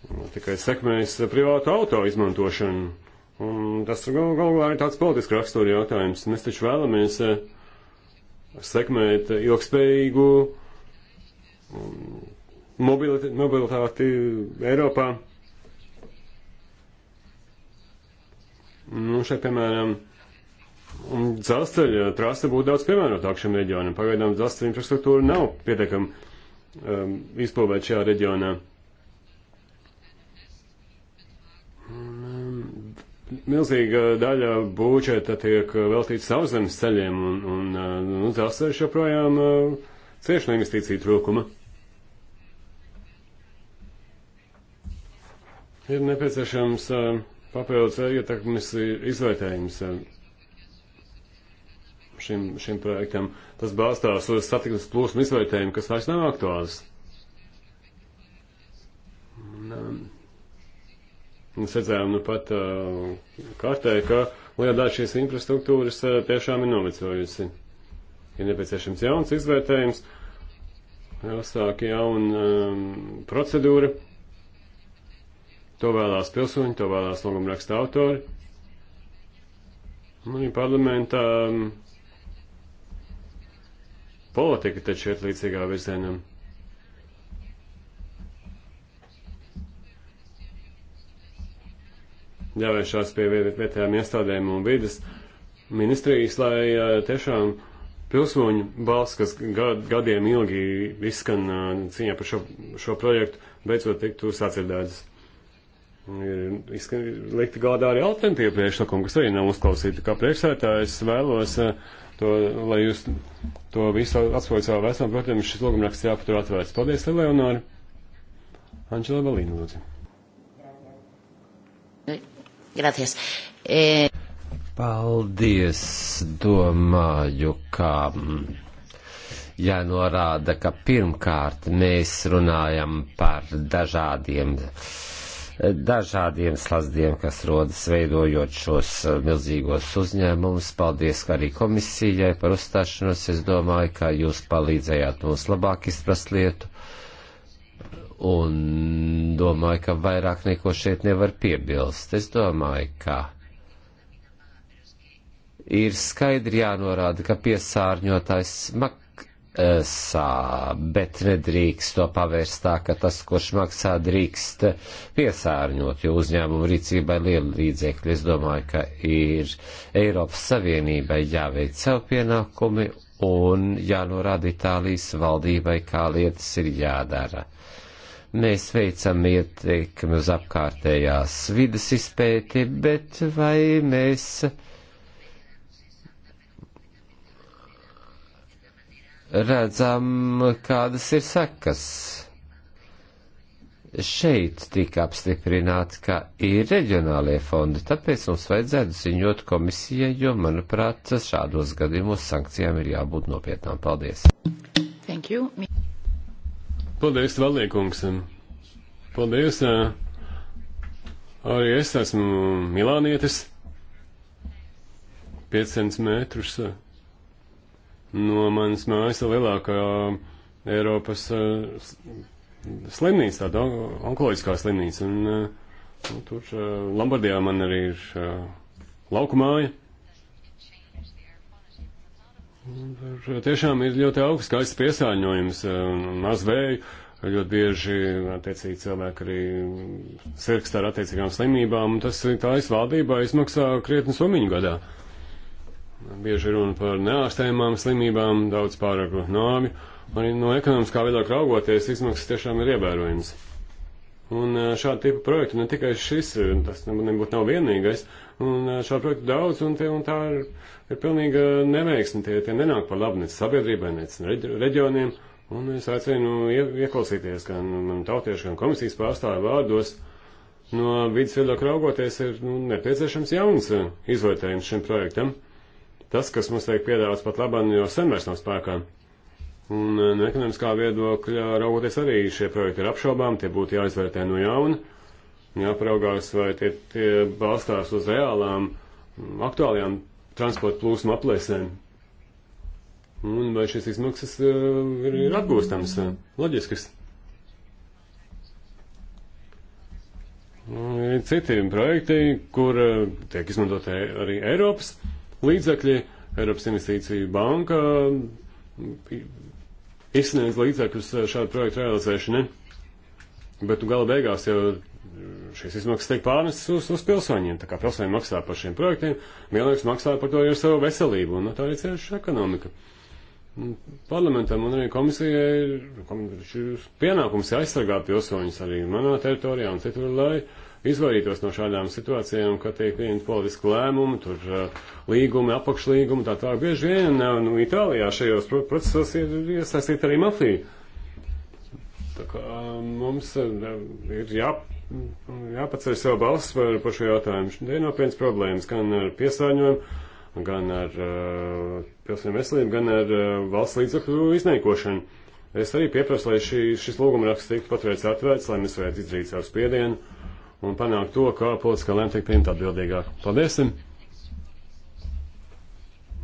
Nu, tikai sekmēs privātu auto izmantošanu. Un tas galu galā ir tāds politiski rakstura jautājums. Mēs taču vēlamies eh, sekmēt ilgspējīgu mm, mobilitāti, mobilitāti Eiropā. Nu, šeit, piemēram, dzelzceļa trase būtu daudz piemērotāk šim reģionam. Pagaidām dzelzceļa infrastruktūra nav pietiekami um, ehm, izpildīta šajā reģionā. milzīga daļa būčeta tiek veltīta sauszemes ceļiem, un, un nu, tas ceļš joprojām uh, cieš no investīciju trūkuma. Ir nepieciešams uh, papildus ietekmes izvērtējums uh, šim, šim projektam. Tas balstās uz satiksmes plūsmu izvērtējumu, kas vairs nav aktuāls. Un, um, Mēs redzējām nu pat kartē, ka liela daļa šīs infrastruktūras tiešām ir novecojusi. Ir nepieciešams jauns izvērtējums, jāuzsāk jauna um, procedūra. To vēlās pilsoņi, to vēlās logumraksta autori. Un arī parlamentā um, politika taču iet līdzīgā virzienam. jāvēršās pie vietējām iestādēm un vidas ministrijas, lai tiešām pilsoņu balss, kas gad, gadiem ilgi izskan cīņā par šo, šo projektu, beidzot tiktu sacirdētas. Ir izskan, likti galdā arī alternatīva priekšlikuma, kas arī nav uzklausīta. Kā priekšsētājs vēlos to, lai jūs to visu atspoļat savā vēstulē, protams, šis logumraksts jāpatur atvērts. Paldies, Leonāri! Anģela Balīna, lūdzu. Gracias. E... Paldies, domāju, ka jānorāda, mm, ja ka pirmkārt mēs runājam par dažādiem, dažādiem slazdiem, kas rodas veidojot šos eh, milzīgos uzņēmumus. Paldies arī komisijai par uzstāšanos. Es domāju, ka jūs palīdzējāt mums labāk izprast lietu un domāju, ka vairāk neko šeit nevar piebilst. Es domāju, ka ir skaidri jānorāda, ka piesārņotājs maksā, bet nedrīkst to pavērst tā, ka tas, kurš maksā, drīkst piesārņot, jo uzņēmumu rīcībai liela līdzekļa. Es domāju, ka ir Eiropas Savienībai jāveic savu pienākumi un jānorāda Itālijas valdībai, kā lietas ir jādara. Mēs veicam ieteikumu uz apkārtējās vidas izpēti, bet vai mēs redzam, kādas ir sekas? šeit tika apstiprināts, ka ir reģionālie fondi, tāpēc mums vajadzētu ziņot komisijai, jo, manuprāt, šādos gadījumos sankcijām ir jābūt nopietnām. Paldies! Thank you. Paldies, Valiekungs. Paldies. Eh, arī es esmu Milānietis. 500 metrus eh, no manas mājas lielākā Eiropas eh, slimnīca, tāda onkoloģiskā slimnīca. Un, nu, tur Lombardijā man arī ir lauku māja. Tiešām ir ļoti augsts skaists piesārņojums eh, un maz vēju. Ļoti bieži, attiecīgi, cilvēki arī sirgst ar attiecīgām slimībām, un tas tā izvaldībā izmaksā krietni sumiņu gadā. Bieži runa par neārstējumām slimībām, daudz pārāk nāvi, un no ekonomiskā viedokļa raugoties izmaksas tiešām ir ievērojams. Un šāda tipa projekta, ne tikai šis, tas nebūtu nav vienīgais, un šādu projektu daudz, un, tie, un tā ir, ir pilnīga neveiksme, tie, tie nenāk par labu nec sabiedrībai, nec reģioniem, un es aicinu ie, ieklausīties gan man tautiešu, gan komisijas pārstāju vārdos, no vidas viedokļa raugoties ir nu, nepieciešams jauns izvērtējums šim projektam. Tas, kas mums tiek piedāvāts pat labam, jau sen vairs nav spēkā. Un eh, no ekonomiskā viedokļa raugoties arī šie projekti ir apšaubām, tie būtu jāizvērtē no jauna, jāparaugās, vai tie, tie balstās uz reālām, mm, aktuālajām transporta plūsmu aplēsēm. Un vai šīs izmaksas uh, ir, ir atgūstamas, uh, loģiskas? Ir citi projekti, kur uh, tiek izmantot arī Eiropas līdzekļi. Eiropas investīcija banka izsniedz līdzekļus eh, šādu projektu realizēšanai, bet gala beigās jau eh, šīs izmaksas tiek pārnestas uz, uz pilsoņiem. Tā kā pilsoņi maksā par šiem projektiem, vienlaikus maksā par to jau savu veselību, un no tā ir cieši ekonomika. Parlamentam un arī komisijai ir, ir pienākums aizsargāt pilsoņus arī manā teritorijā un citur, lai izvairītos no šādām situācijām, kad tiek pieņemta politiska lēmuma, tur uh, līgumi, apakšlīgumi, tā tā. Bieži vien uh, nu, Itālijā šajos procesos ir iesaistīta arī mafija. Tā kā uh, mums uh, ir jā, jāpaceļ savu balsts par, par šo jautājumu. Šodien ir nopietnas problēmas gan ar piesārņojumu, gan ar uh, pilsēm veselību, gan ar uh, valsts līdzekļu iznīkošanu. Es arī pieprasu, lai šī, šis lūgumraksts tiktu paturēts atvērts, lai mēs varētu izdarīt savu spiedienu un panākt to, ka politiskā lēma tiek pieņemta atbildīgāk. Paldies!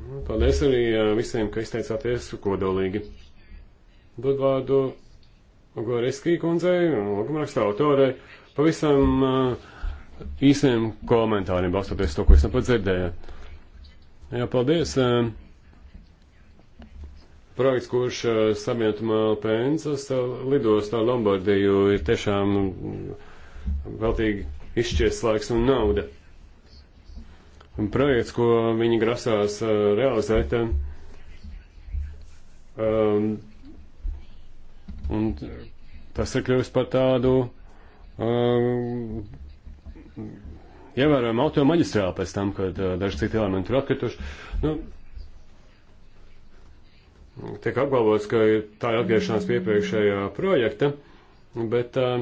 Nu, paldies arī visiem, ka izteicāties kodolīgi. Dod vārdu Goriskī kundzei, logumraksta autorei, pavisam īsiem komentāriem, balstoties to, ko es nepat dzirdēju. Jā, paldies! Projekts, kurš savienot Malpensas lidostā Lombardiju, ir tiešām veltīgi izšķies laiks un nauda. Un projekts, ko viņi grasās uh, realizēt, um, um un tas ir kļuvis par tādu um, ievērojumu automaģistrālu pēc tam, kad uh, daži citi elementi ir atkrituši. Nu, tiek apgalvots, ka tā ir atgriešanās pie iepriekšējā projekta, bet uh, um,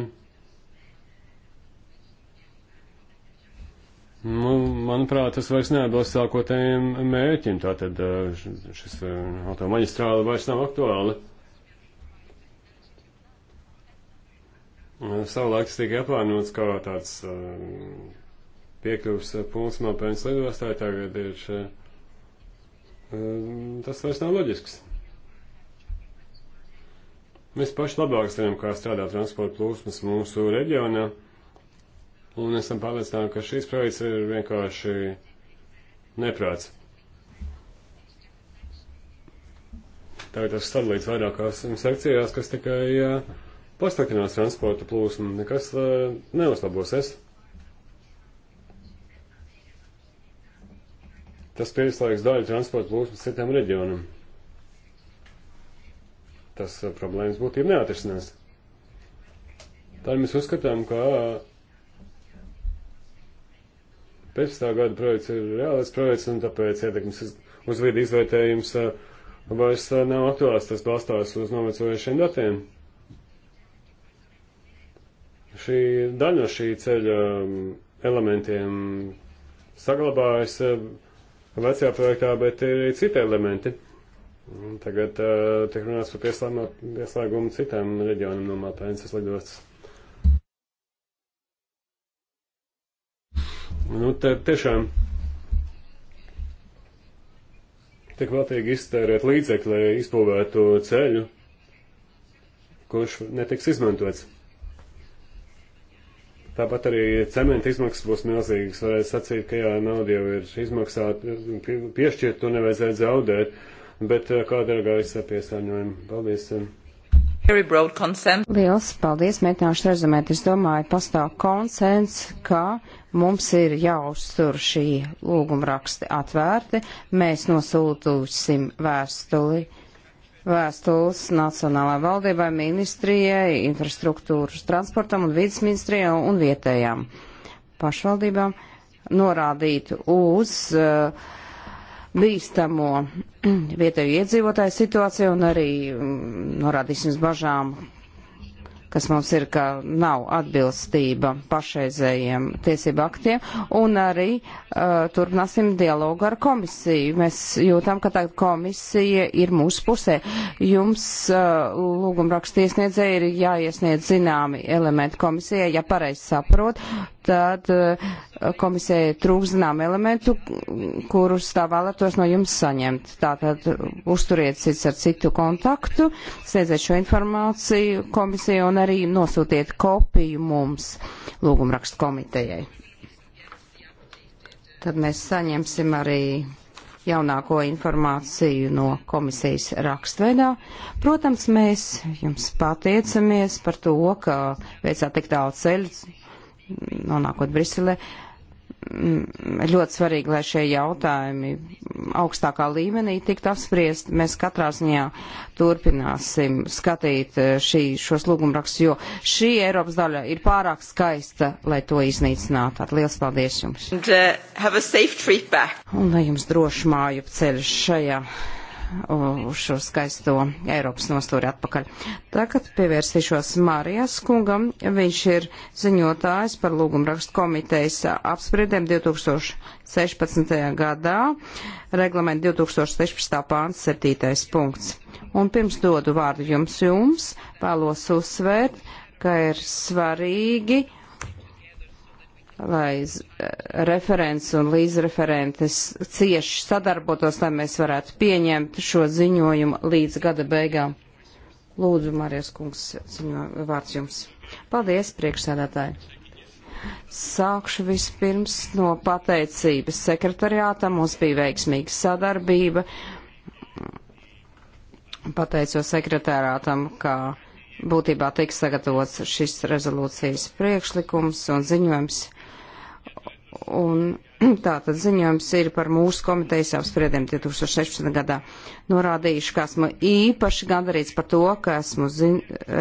Nu, manuprāt, tas vairs neatbilst sākotējiem mērķim, tātad šis automaģistrāli vairs nav aktuāli. Savulaik tas tika aplānots kā tāds piekļuvs punkts Melpēnas lidostā, tagad ir tas vairs nav loģisks. Mēs paši labāk zinām, kā strādā transporta plūsmas mūsu reģionā un esam pārliecināti, ka šīs projekts ir vienkārši neprāts. Tagad tas sadalīts vairākās sekcijās, kas tikai pasliktinās transporta plūsmu, nekas neuzlabosies. Tas pieslēgs daļu transporta plūsmu citām reģionam. Tas problēmas būtību neatrisinās. Tā mēs uzskatām, ka 15. gada projekts ir reālais projekts, un tāpēc ietekmes uz vidi izvērtējums eh, vairs eh, nav aktuāls. Tas balstās uz novecojušiem datiem. Šī daļa no šī ceļa eh, elementiem saglabājas vecajā projektā, bet ir arī citi elementi. Tagad tiek runāts par pieslēgumu citam reģionam no Maltēnas lidostas. Nu, te tiešām tiek veltīgi iztērēt līdzekļi, lai izbūvētu ceļu, kurš netiks izmantots. Tāpat arī cementa izmaksas būs milzīgas. Varētu sacīt, ka jā, nauda jau ir izmaksāta, piešķirt to nevajadzētu zaudēt, bet eh, kā dargājas piesārņojumu. Paldies! Eh. Liels paldies, mēģināšu rezumēt. Es domāju, pastāv konsens, ka Mums ir jāuztur šī lūguma raksti atvērti. Mēs nosūtūsim vēstuli, vēstules Nacionālajai valdībai, ministrijai, infrastruktūras transportam un vidas ministrijai un vietējām pašvaldībām norādīt uz uh, bīstamo vietēju iedzīvotāju situāciju un arī um, norādīsim uz bažām, kas mums ir, ka nav atbilstība pašreizējiem tiesību aktiem, un arī uh, turpināsim dialogu ar komisiju. Mēs jūtam, ka tagad komisija ir mūsu pusē. Jums uh, lūgumrakstiesniedzēji ir jāiesniedz zināmi elementi komisijai, ja pareizi saprot, tad uh, komisijai trūks zinām elementu, kurus tā vēlētos no jums saņemt. Tātad uzturiet cits ar citu kontaktu, sniedziet šo informāciju komisiju un arī nosūtiet kopiju mums lūgumrakstu komitejai. Tad mēs saņemsim arī jaunāko informāciju no komisijas rakstveidā. Protams, mēs jums pateicamies par to, ka veicāt tik tālu ceļu, nonākot Briselē. Uh, Mm, ļoti svarīgi, lai šie jautājumi augstākā līmenī tiktu apspriest. Mēs katrā ziņā turpināsim skatīt eh, šī, šos lūgumrakstus, jo šī Eiropas daļa ir pārāk skaista, lai to iznīcinātu. Tātad liels paldies jums! And, uh, Un lai jums droši māju ceļš šajā uz šo skaisto Eiropas nostūri atpakaļ. Tagad pievērsīšos Mārijas kungam. Viņš ir ziņotājs par lūgumrakstu komitejas apspriedēm 2016. gadā, reglament 2016. pāns 7. punkts. Un pirms dodu vārdu jums, jums vēlos uzsvērt, ka ir svarīgi lai e, referents un līdzreferentes cieši sadarbotos, lai mēs varētu pieņemt šo ziņojumu līdz gada beigām. Lūdzu, Marijas kungs, ziņo, vārds jums. Paldies, priekšsēdētāji. Sākšu vispirms no pateicības sekretariāta. Mums bija veiksmīga sadarbība. Pateicos sekretārātam, ka būtībā tiks sagatavots šis rezolūcijas priekšlikums un ziņojums. Un tātad ziņojums ir par mūsu komitejas apspriediem 2016. gadā. Norādījuši, ka esmu īpaši gandarīts par to, ka esmu zin...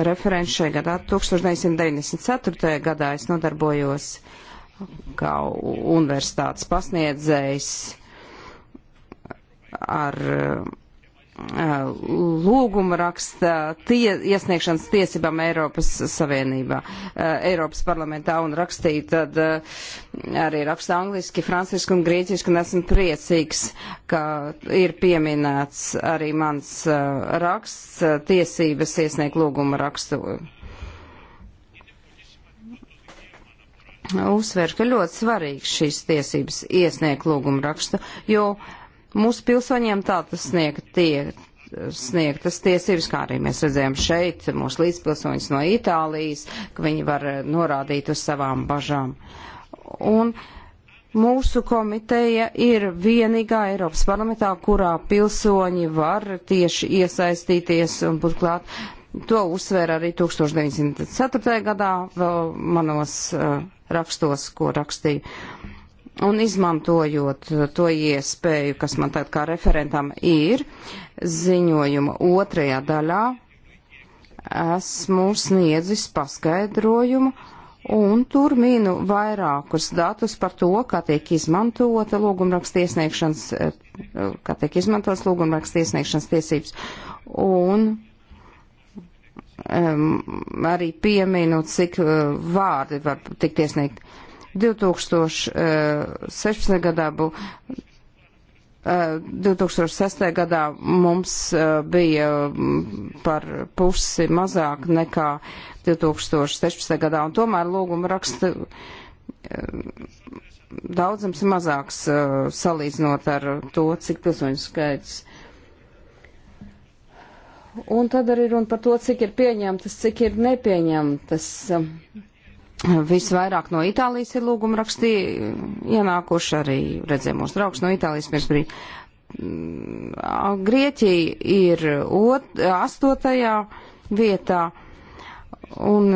referents šajā gadā. 1994. gadā es nodarbojos kā universitātes pasniedzējs ar uh, Uh, lūguma raksta tie, iesniegšanas tiesībām Eiropas Savienībā, uh, Eiropas parlamentā un rakstīja, tad uh, arī raksta angliski, franciski un grieķiski, un esmu priecīgs, ka ir pieminēts arī mans raksts, tiesības iesniegt lūguma rakstu. Uzsver, ka ļoti svarīgs šīs tiesības iesniegt lūguma rakstu, jo uh, Mūsu pilsoņiem tādas sniegt tie, sniegtas tiesības, kā arī mēs redzējām šeit, mūsu līdzpilsoņus no Itālijas, ka viņi var norādīt uz savām bažām. Un mūsu komiteja ir vienīgā Eiropas parlamentā, kurā pilsoņi var tieši iesaistīties un būt klāt. To uzsvēra arī 1904. gadā vēl manos uh, rakstos, ko rakstīju un izmantojot uh, to iespēju, kas man tagad kā referentam ir, ziņojuma otrajā daļā esmu sniedzis paskaidrojumu un tur minu vairākus datus par to, kā tiek izmantota lūgumraksta iesniegšanas, uh, kā tiek izmantotas lūgumraksta iesniegšanas tiesības. Un um, arī pieminu, cik uh, vārdi var tikt iesniegt. Uh, 2016. gadā būtu. 2006. gadā mums bija par pusi mazāk nekā 2016. gadā, un tomēr lūguma raksta daudzums mazāks salīdzinot ar to, cik pilsoņu skaits Un tad arī runa par to, cik ir pieņemtas, cik ir nepieņemtas Visvairāk no Itālijas ir lūguma rakstī ienākuši arī redzēja mūsu draugs no Itālijas pirms brīd. Mm, Grieķija ir ot, astotajā vietā, un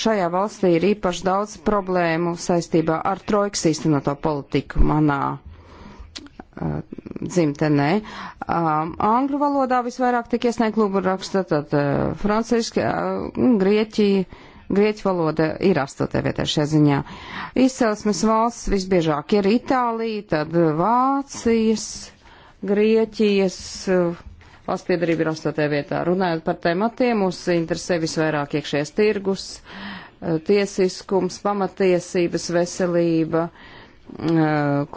šajā valstī ir īpaši daudz problēmu saistībā ar trojkas īstenoto politiku manā uh, dzimtenē. Um, angļu valodā visvairāk tiek iesniegt lūguma raksta, tad uh, franciski, uh, Grieķija Grieķu valoda ir astotē vietā šajā ziņā. Izcelsmes valsts visbiežāk ir Itālija, tad Vācijas, Grieķijas. Eh, valsts piedarība ir astotē vietā. Runājot par tematiem, mūs interesē visvairāk iekšējais tirgus, eh, tiesiskums, pamatiesības, veselība, eh,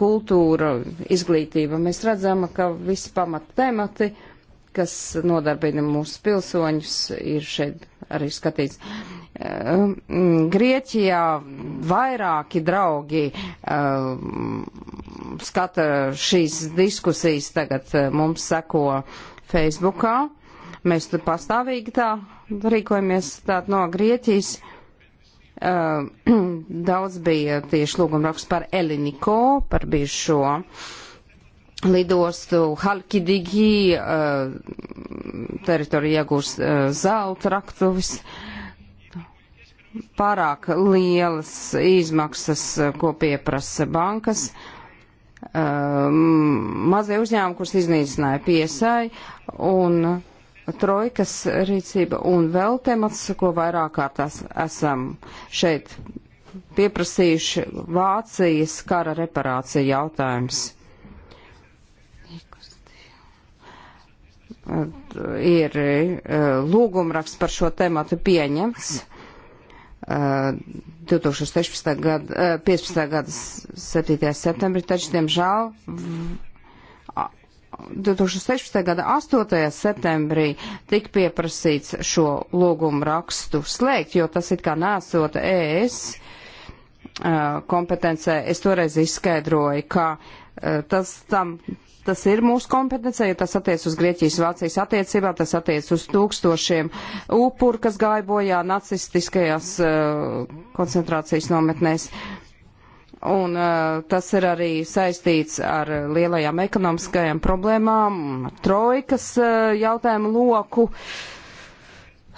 kultūra, izglītība. Mēs redzam, ka visi pamat temati, kas nodarbina mūsu pilsoņus, ir šeit arī skatīts. Ehm, Grieķijā vairāki draugi ehm, skata šīs diskusijas, tagad eh, mums seko Facebookā. Mēs tur pastāvīgi tā rīkojamies tā no Grieķijas. Ehm, daudz bija tieši lūgumraksts par Eliniko, par bijušo uh, lidostu Halkidigi, eh, teritorija iegūs eh, zelta raktuvis. Pārāk lielas izmaksas, eh, ko pieprasa bankas. Mazie uzņēmumi, kurus iznīcināja piesai, un trojkas rīcība, un vēl temats, ko vairāk kārtās esam šeit pieprasījuši, Vācijas kara reparācija jautājums ir e, lūgumraksts par šo tematu pieņemts. 2016. E, e, gada, 15. gada 7. septembrī, taču, diemžēl, 2016. gada 8. septembrī tika pieprasīts šo lūgumu rakstu slēgt, jo tas it kā nesot ES kompetencē. Es toreiz izskaidroju, ka tas tam tas ir mūsu kompetencija, ja tas attiec uz Grieķijas Vācijas attiecībā, tas attiec uz tūkstošiem upuru, kas gāja bojā nacistiskajās uh, koncentrācijas nometnēs. Un uh, tas ir arī saistīts ar lielajām ekonomiskajām problēmām, trojkas uh, jautājumu loku.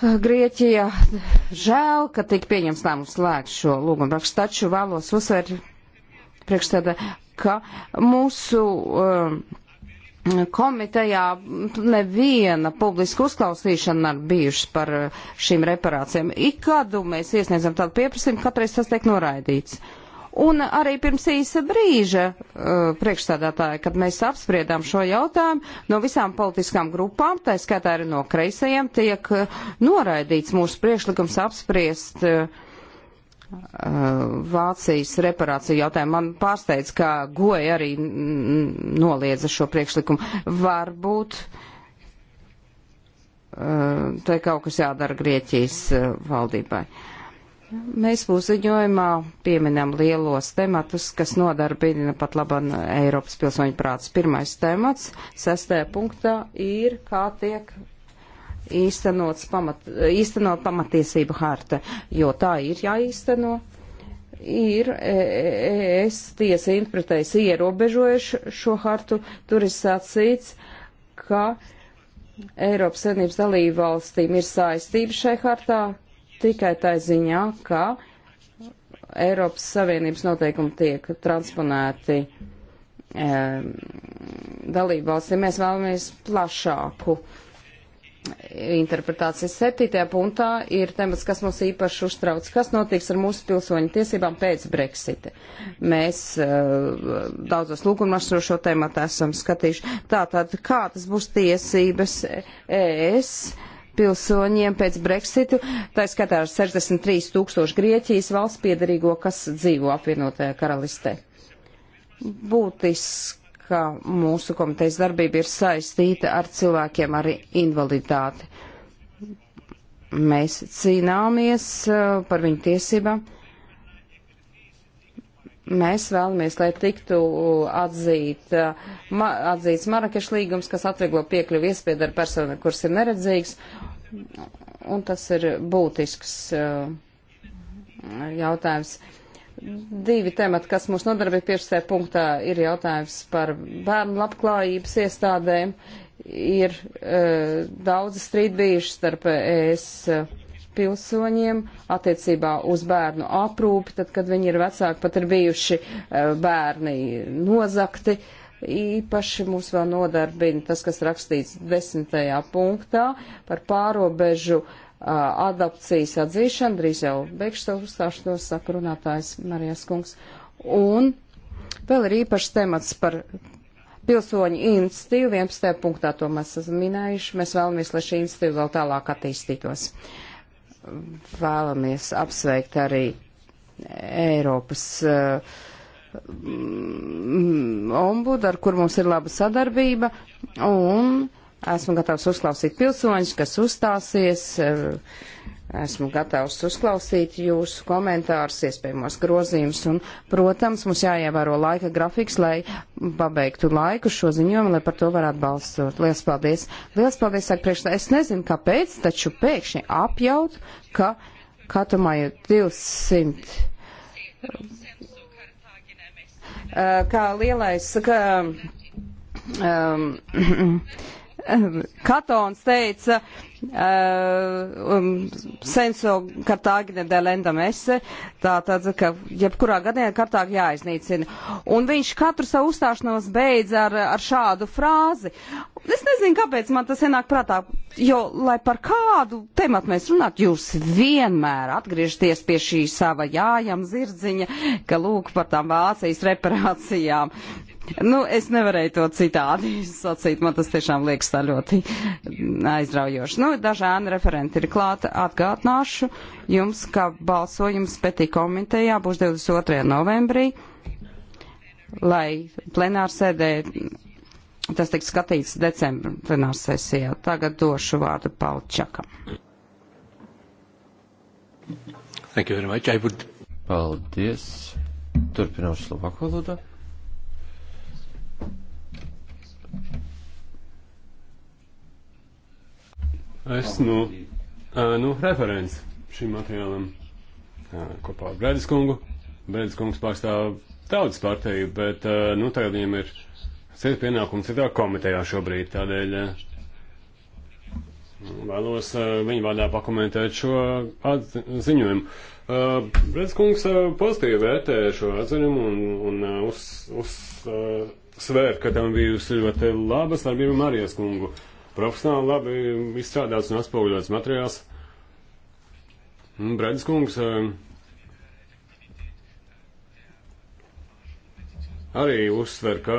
Grieķija žēl, ka tik pieņems lēmums slēgt šo lūgumu rakstu, taču vēlos uzsvērt priekšstādā ka mūsu um, komitejā neviena publiska uzklausīšana nav bijušas par uh, šīm reparācijām. Ikādu mēs iesniedzam tādu pieprasījumu, katreiz tas tiek noraidīts. Un arī pirms īsa brīža uh, priekšstādātāja, kad mēs apspriedām šo jautājumu, no visām politiskām grupām, tā skaitā arī no kreisajiem, tiek uh, noraidīts mūsu priekšlikums apspriest uh, Uh, Vācijas reparāciju jautājumu. Man pārsteidz, ka goja arī noliedza šo priekšlikumu. Varbūt uh, te kaut kas jādara Grieķijas uh, valdībai. Mēs mūsu ziņojumā pieminam lielos tematus, kas nodarbina pat laban Eiropas pilsoņu prāts. Pirmais temats, sestajā punktā, ir, kā tiek īstenots pamat, īstenot pamatiesību harta, jo tā ir jāīsteno. Ir, e, e, es tiesa interpretēju, ierobežojuši šo hartu, tur ir sacīts, ka Eiropas Savienības dalību valstīm ir saistība šai hartā tikai tā ziņā, ka Eiropas Savienības noteikumi tiek transponēti um, e, dalību valstīm. Mēs vēlamies plašāku uh, interpretācijas septītajā punktā ir temats, kas mums īpaši uztrauc. Kas notiks ar mūsu pilsoņu tiesībām pēc Brexita? Mēs uh, daudzos lūgumos šo tēmatu esam skatījuši. Tātad, kā tas būs tiesības ES? pilsoņiem pēc Brexitu, tā skatā ar 63 tūkstoši Grieķijas valsts piedarīgo, kas dzīvo apvienotajā karalistē. Būtiski ka mūsu komitejas darbība ir saistīta ar cilvēkiem ar invaliditāti. Mēs cīnāmies uh, par viņu tiesībām. Mēs vēlamies, lai tiktu atzīt, uh, ma, atzīts Marakešs līgums, kas atvieglo piekļuvi iespēju ar personu, kuras ir neredzīgs, un tas ir būtisks jautājums. Uh, jautājums divi temati, kas mūs nodarbina pirmsē punktā, ir jautājums par bērnu labklājības iestādēm. Ir uh, e, daudz strīd bijuši starp ES pilsoņiem attiecībā uz bērnu aprūpi, tad, kad viņi ir vecāki, pat ir bijuši uh, bērni nozakti. Īpaši mūs vēl nodarbina tas, kas rakstīts desmitajā punktā par pārobežu uh, adopcijas atzīšana, drīz jau beigšu savu uzstāšanos, saka runātājs Marijas kungs. Un vēl ir īpašs temats par pilsoņu institīvu, 11. punktā to mēs esam minējuši, mēs vēlamies, lai šī institīva vēl tālāk attīstītos. Vēlamies apsveikt arī Eiropas uh, ombudu, ar kur mums ir laba sadarbība, un uh, Esmu gatavs uzklausīt pilsoņus, kas uzstāsies. Esmu gatavs uzklausīt jūsu komentārus, iespējamos grozījumus. Un, protams, mums jāievēro laika grafiks, lai pabeigtu laiku šo ziņojumu, lai par to varētu balsot. Lielas paldies! Lielas paldies, saka priekšstādā. Es nezinu, kāpēc, taču pēkšņi apjaut, ka katumā jau 200 kā lielais, ka, um, Katons teica, uh, um, senso kartāgina delendamese, tātad, ka jebkurā gadījumā kartāgi jāiznīcina. Un viņš katru savu uzstāšanos beidz ar, ar šādu frāzi. Es nezinu, kāpēc man tas ienāk prātā, jo, lai par kādu tematu mēs runātu, jūs vienmēr atgriežaties pie šī sava jājam zirdziņa, ka lūk par tām Vācijas reparācijām. Nu, es nevarēju to citādi sacīt, man tas tiešām liekas tā ļoti aizraujoši. Nu, dažādi referenti ir klāta. Atgādināšu jums, ka balsojums petī komitejā būs 22. novembrī, lai plenārsēdē tas tiks skatīts decembra plenārsesijā. Tagad došu vārdu Palčakam. Thank you very much. I would... Paldies. Turpināšu Slovāko valodā. Esmu nu, referents šim materiālam kopā ar Brēdis kungu. Brēdis kungs pārstāv tautas partiju, bet nu, tagad viņam ir cits pienākums citā komitejā šobrīd. Tādēļ vēlos viņu vārdā pakomentēt šo ziņojumu. Brēdis kungs pozitīvi vērtē šo atziņumu un, un uz, uz svērt, ka tam bijusi ļoti laba starpība Marijas kungu. Uh, profesionāli labi izstrādāts un atspoguļots materiāls. Braidis kungs eh, arī uzsver, ka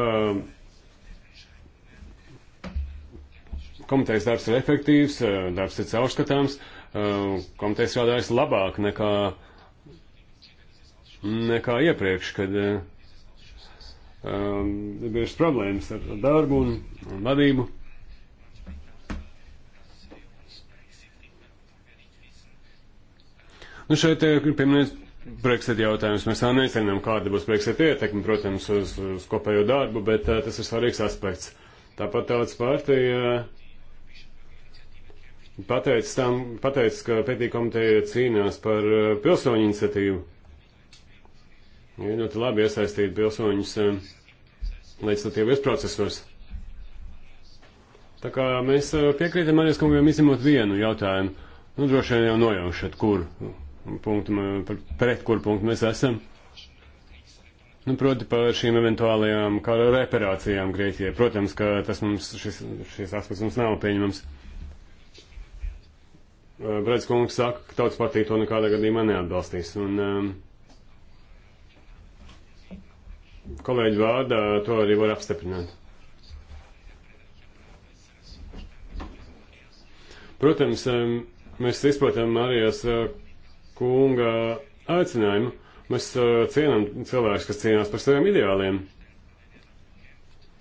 komitejas darbs ir efektīvs, eh, darbs ir caurskatāms, eh, komitejas strādājas labāk nekā, nekā iepriekš, kad um, bija problēmas ar darbu un, un vadību. Nu, šeit eh, ir pieminēts Brexit jautājums. Mēs vēl nezinām, kāda būs Brexit ietekme, protams, uz, uz kopējo darbu, bet uh, tas ir svarīgs aspekts. Tāpat tautas partija eh, pateica, tam, pateica ka pētī komiteja cīnās par uh, pilsoņu iniciatīvu. Ir ļoti nu, labi iesaistīt pilsoņus uh, leģislatīvies procesos. Tā kā mēs piekrītam Marijas kungam izņemot vienu jautājumu. Nu, droši vien jau nojaušat, kur punktu, par pret kuru punktu mēs esam. Nu, proti par šīm eventuālajām kara reparācijām Grieķijai. Protams, ka tas mums, šis, šis aspekts mums nav pieņemams. Brēc kungs saka, ka tautas partija to nekādā gadījumā neatbalstīs. Un, um, kolēģi vārdā to arī var apstiprināt. Protams, um, mēs izprotam arī as, uh, kunga aicinājumu. Mēs uh, cienām cilvēkus, kas cīnās par saviem ideāliem.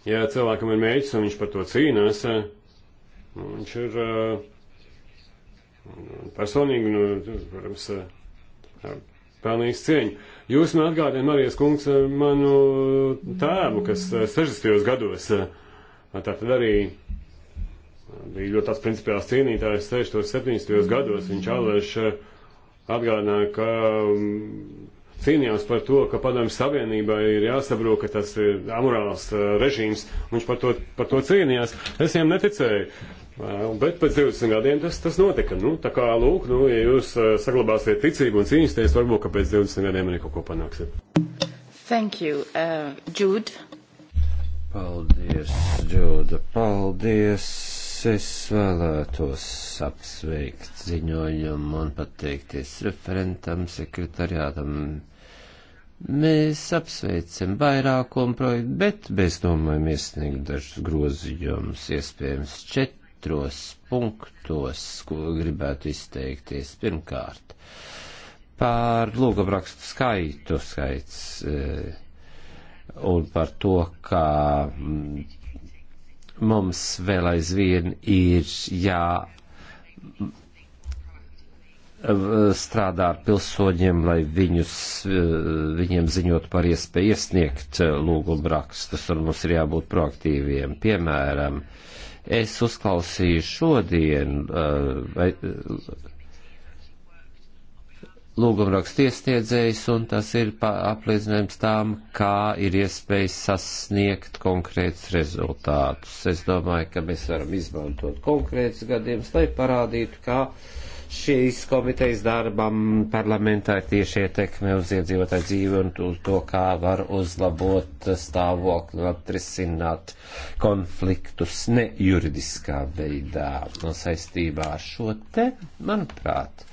Ja cilvēkam ir mēģis un viņš par to cīnās, uh, viņš ir uh, personīgi, nu, protams, uh, pelnījis cieņu. Jūs man atgādināt, Marijas kungs, uh, manu tēvu, kas uh, 60. gados uh, tātad arī uh, bija ļoti tāds principiāls cīnītājs 60. un 70. gados. Viņš alēš. Uh, atgādināja, ka um, cīnījās par to, ka padomju savienībai ir jāsaprot, ka tas ir amorāls uh, režīms, un viņš par to, par to cīnījās. Es viņam neticēju. Uh, bet pēc 20 gadiem tas, tas notika. Nu, tā kā, lūk, nu, ja jūs uh, saglabāsiet ticību un cīnīsieties, varbūt, ka pēc 20 gadiem arī kaut ko panāksiet. Thank you, uh, Jude. Paldies, Džuda, paldies es vēlētos apsveikt ziņojumu un pateikties referentam, sekretariātam. Mēs apsveicam vairākumu projektu, bet bez domājuma iesniegt dažus grozījumus, iespējams četros punktos, ko gribētu izteikties pirmkārt. Pār lūgabrakstu skaitu skaits. E, un par to, kā mums vēl aizvien ir jā strādā ar pilsoņiem, lai viņus, viņiem ziņot par iespēju iesniegt e, lūgumu rakstus, un mums ir jābūt proaktīviem. Piemēram, es uzklausīju šodien, e, vai, lūgumrakstu iestiedzējs, un tas ir apliecinājums tām, kā ir iespējas sasniegt konkrēts rezultātus. Es domāju, ka mēs varam izmantot konkrēts gadījums, lai parādītu, kā šīs komitejas darbam parlamentā ir tieši ietekme uz iedzīvotāju dzīvi un uz to, kā var uzlabot stāvokli un atrisināt konfliktus ne juridiskā veidā. Un saistībā ar šo te, manuprāt,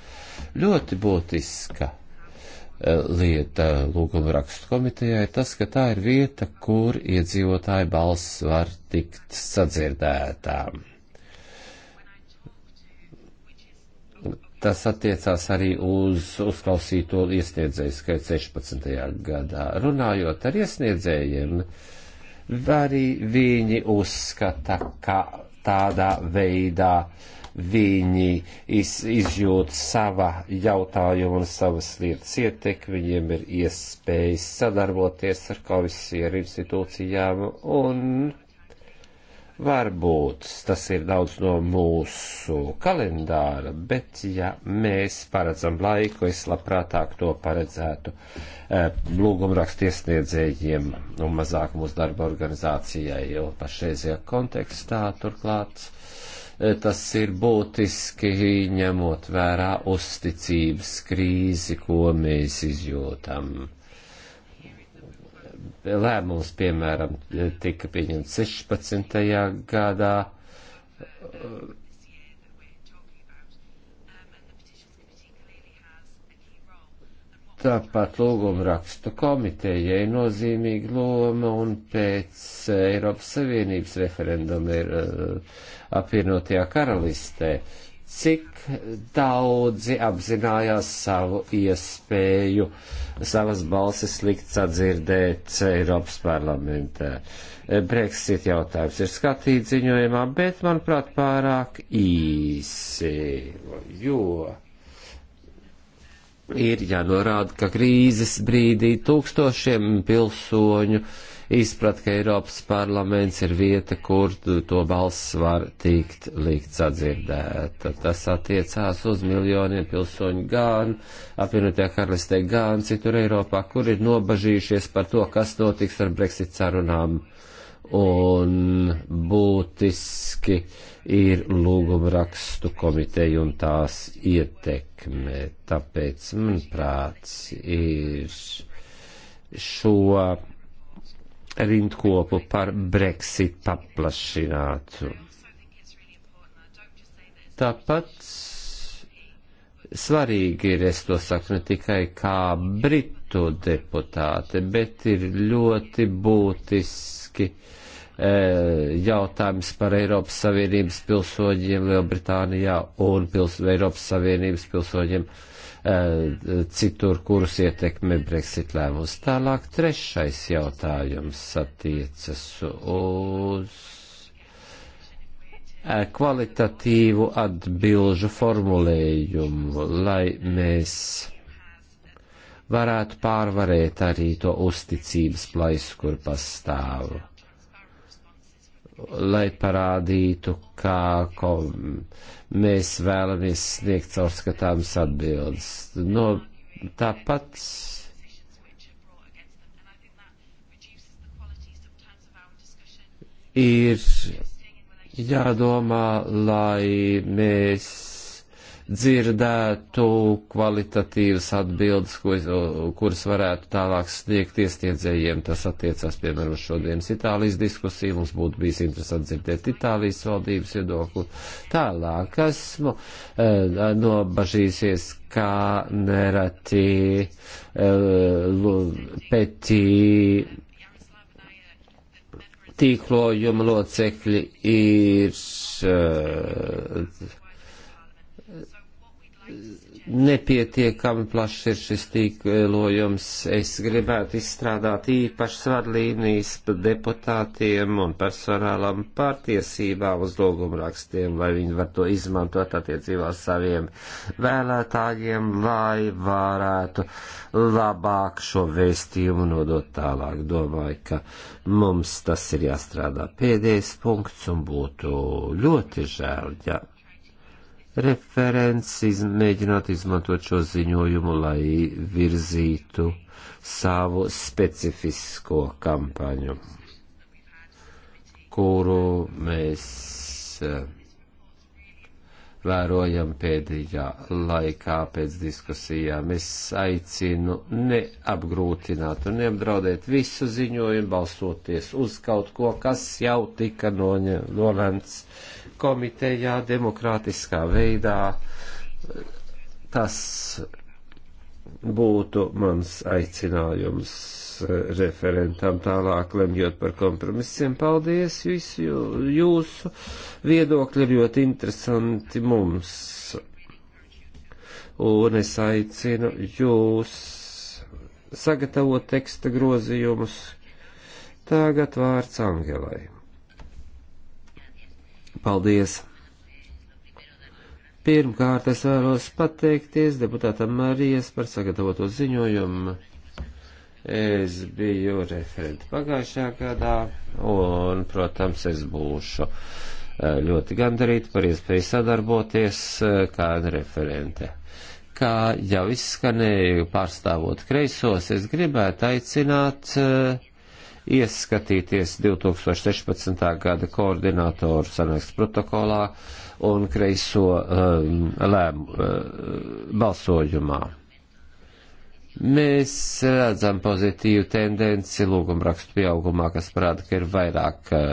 ļoti būtiska eh, lieta lūguma rakstu komitejai tas, ka tā ir vieta, kur iedzīvotāju balss var tikt sadzirdētā. Tas attiecās arī uz uzklausīto iesniedzēju skaitu 16. gadā. Runājot ar iesniedzējiem, arī viņi uzskata, ka tādā veidā uh, viņi iz, izjūt sava jautājuma un savas lietas ietekmi, viņiem ir iespējas sadarboties ar komisiju, ar institūcijām un Varbūt tas ir daudz no mūsu kalendāra, bet ja mēs paredzam laiku, es labprātāk to paredzētu eh, lūgumrakstu iesniedzējiem un mazāk mūsu darba organizācijai, jo pašreizajā kontekstā turklāt Tas ir būtiski ņemot vērā uzticības krīzi, ko mēs izjūtam. Lēmums, piemēram, tika pieņemts 16. gadā. Tāpat lūgumrakstu komitejai nozīmīga loma un pēc Eiropas Savienības referenduma ir uh, apvienotajā karalistē, cik daudzi apzinājās savu iespēju, savas balsis likt sadzirdēt Eiropas parlamentā. Brexit jautājums ir skatīt ziņojumā, bet, manuprāt, pārāk īsi, jo ir jānorāda, ka krīzes brīdī tūkstošiem pilsoņu uh, izprat, ka Eiropas parlaments ir vieta, kur to balss var tikt likt sadzirdēta. Tas attiecās uz miljoniem pilsoņu gan, apvienotajā karalistē gan, citur Eiropā, kur ir nobažījušies par to, kas notiks ar Brexit sarunām. Un būtiski ir lūguma rakstu komiteja un tās ietekme. Tāpēc, manuprāt, ir šo rindkopu par Brexit paplašinātu. Tāpat svarīgi ir, es to saku ne tikai kā britu deputāte, bet ir ļoti būtiski e, jautājums par Eiropas Savienības pilsoņiem Lielbritānijā un pils, Eiropas Savienības pilsoņiem uh, Eh, citur, kurus ietekmē Brexit lēmums. Tālāk trešais jautājums attiecas uz eh, kvalitatīvu atbilžu formulējumu, lai mēs varētu pārvarēt arī to uzticības plaisu, kur pastāvu lai parādītu, kā ko mēs vēlamies sniegt caurskatāmas atbildes. No, tāpat ir jādomā, lai mēs dzirdētu kvalitatīvas atbildes, ko, kuras varētu tālāk sniegt iestiedzējiem. Tas attiecās, piemēram, uz šodienas Itālijas diskusiju. Mums būtu bijis interesanti dzirdēt Itālijas valdības viedokli. Tālāk esmu e, nobažīsies, kā nereti e, eh, pētī tīklojuma locekļi ir. E, nepietiekami plašs ir šis tīklojums. Es gribētu izstrādāt īpašas vadlīnijas deputātiem un personālam par tiesībām uz logumrakstiem, vai viņi var to izmantot attiecībā saviem vēlētājiem, lai varētu labāk šo vēstījumu nodot tālāk. Domāju, ka mums tas ir jāstrādā pēdējais punkts un būtu ļoti žēl, ja referents mēģināt izmantot šo ziņojumu, lai virzītu savu specifisko kampaņu, kuru mēs eh, vērojam pēdējā laikā pēc diskusijām. Es aicinu neapgrūtināt un neapdraudēt visu ziņojumu, balstoties uz kaut ko, kas jau tika noņemts komitejā demokrātiskā veidā. Tas būtu mans aicinājums referentam tālāk lemjot par kompromisiem. Paldies visu jūsu viedokļi ir ļoti interesanti mums. Un es aicinu jūs sagatavot teksta grozījumus. Tagad vārds Angelai. Paldies! Pirmkārt, es vēlos pateikties deputātam Marijas par sagatavoto ziņojumu. Es biju referenti pagājušā gadā, un, protams, es būšu eh, ļoti gandarīti par iespēju sadarboties eh, kā referente. Kā jau izskanēju, pārstāvot kreisos, es gribētu aicināt uh, ieskatīties 2016. gada koordinātoru sanāks protokolā un kreiso um, lēmu uh, balsojumā. Mēs redzam pozitīvu tendenci lūgumrakstu pieaugumā, kas parāda, ka ir vairāk uh,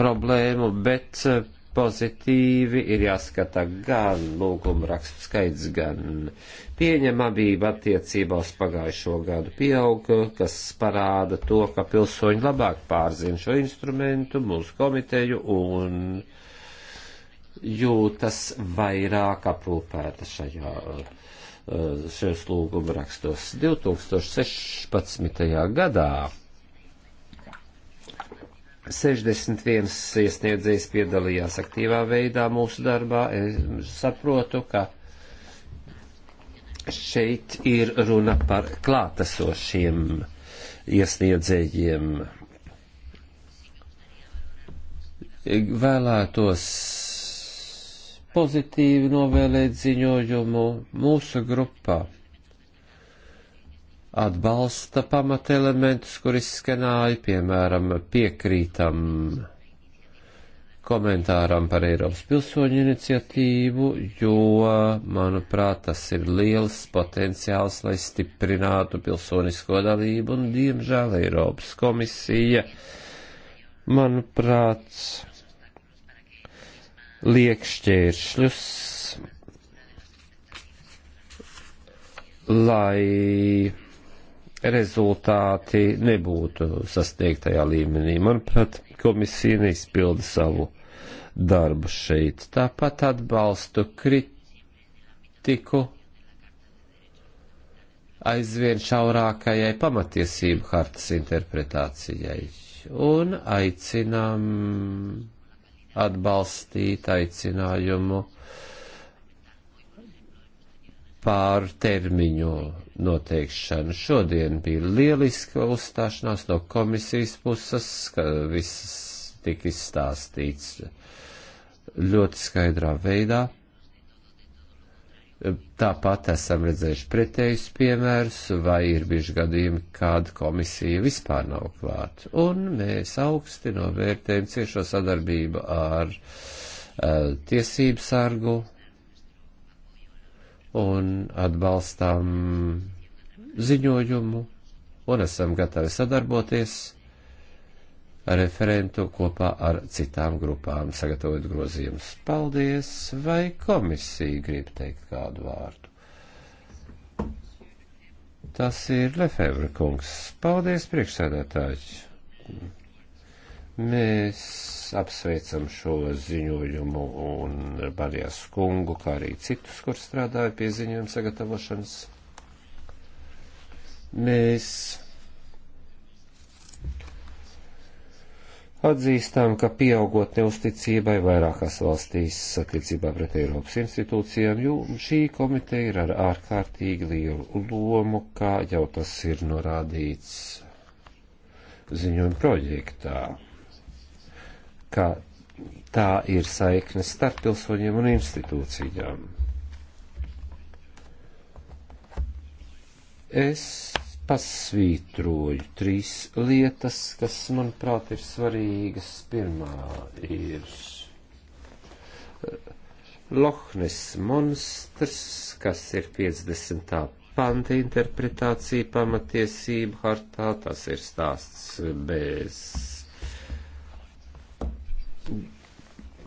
problēmu, bet uh, pozitīvi, ir jāskata gan lūguma rakstu skaits, gan pieņemamība attiecībā uz pagājušo gadu pieauga, kas parāda to, ka pilsoņi labāk pārzina šo instrumentu, mūsu komiteju un jūtas vairāk aprūpēta šajā eh, šajos lūguma rakstos. 2016. gadā 61 iesniedzējs piedalījās aktīvā veidā mūsu darbā. Es saprotu, ka šeit ir runa par klātesošiem iesniedzējiem. Vēlētos pozitīvi novēlēt ziņojumu mūsu grupā atbalsta pamatelementus, kur izskanāja, piemēram, piekrītam komentāram par Eiropas pilsoņu iniciatīvu, jo, manuprāt, tas ir liels potenciāls, lai stiprinātu pilsonisko dalību, un, diemžēl, Eiropas komisija, manuprāt, liek šķēršļus, lai rezultāti nebūtu sasniegtajā līmenī. Manuprāt, komisija neizpilda savu darbu šeit. Tāpat atbalstu kritiku aizvien šaurākajai pamatiesību hartas interpretācijai un aicinām atbalstīt aicinājumu uh, pār termiņu noteikšanu. Šodien bija lieliska uzstāšanās no komisijas puses, ka viss tika izstāstīts ļoti skaidrā veidā. Tāpat esam redzējuši pretējus piemērus, vai ir bijuši gadījumi, kāda komisija vispār nav klāta. Un mēs augsti novērtējam ciešo sadarbību ar uh, tiesību sargu un atbalstām ziņojumu un esam gatavi sadarboties ar referentu kopā ar citām grupām, sagatavot grozījumus. Paldies! Vai komisija grib teikt kādu vārdu? Tas ir Lefebvre kungs. Paldies, priekšsēdētāji! Mēs apsveicam šo ziņojumu un Barijas kungu, kā arī citus, kur strādāja pie ziņojuma sagatavošanas. Mēs atzīstām, ka pieaugot neusticībai vairākās valstīs attiecībā pret Eiropas institūcijām, jo šī komiteja ir ar ārkārtīgi lielu lomu, kā jau tas ir norādīts ziņojuma projektā kā tā ir saikne starp pilsoņiem un institūcijām. Es pasvītroju trīs lietas, kas, manuprāt, ir svarīgas. Pirmā ir eh, Lohnes monstrs, kas ir 50. panta interpretācija pamatiesību hartā, tas ir stāsts bez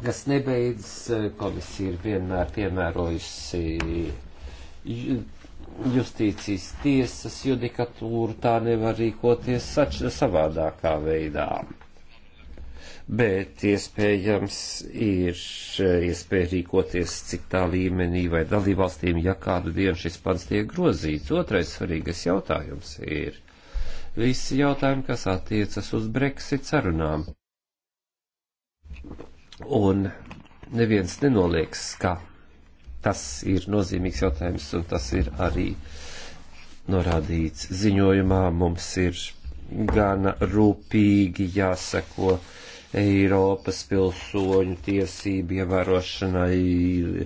kas nebeidzas, eh, komisija ir vienmēr piemērojusi justīcijas tiesas judikatūru, tā nevar rīkoties sač, savādākā veidā. Bet iespējams ir eh, iespēja rīkoties cik tā līmenī vai dalībvalstīm, ja kādu dienu šis pants tiek grozīts. Otrais svarīgais jautājums ir visi jautājumi, kas attiecas uz Brexit sarunām Un neviens nenolieks, ka tas ir nozīmīgs jautājums, un tas ir arī norādīts ziņojumā. Mums ir gana rūpīgi jāseko Eiropas pilsoņu tiesību ievērošanai eh,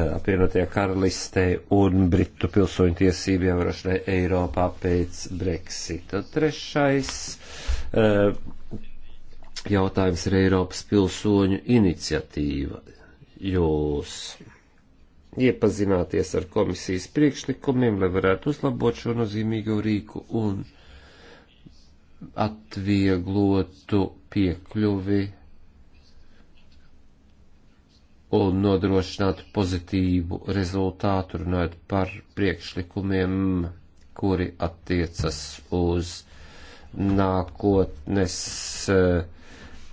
apvienotajā karalistē un Britu pilsoņu tiesību ievērošanai Eiropā pēc Brexita. Trešais. Uh, jautājums ir Eiropas pilsoņu iniciatīva. Jūs iepazināties ar komisijas priekšlikumiem, lai varētu uzlabot šo nozīmīgo rīku un atvieglotu piekļuvi un nodrošinātu pozitīvu rezultātu, runājot par priekšlikumiem, kuri attiecas uz nākotnes uh,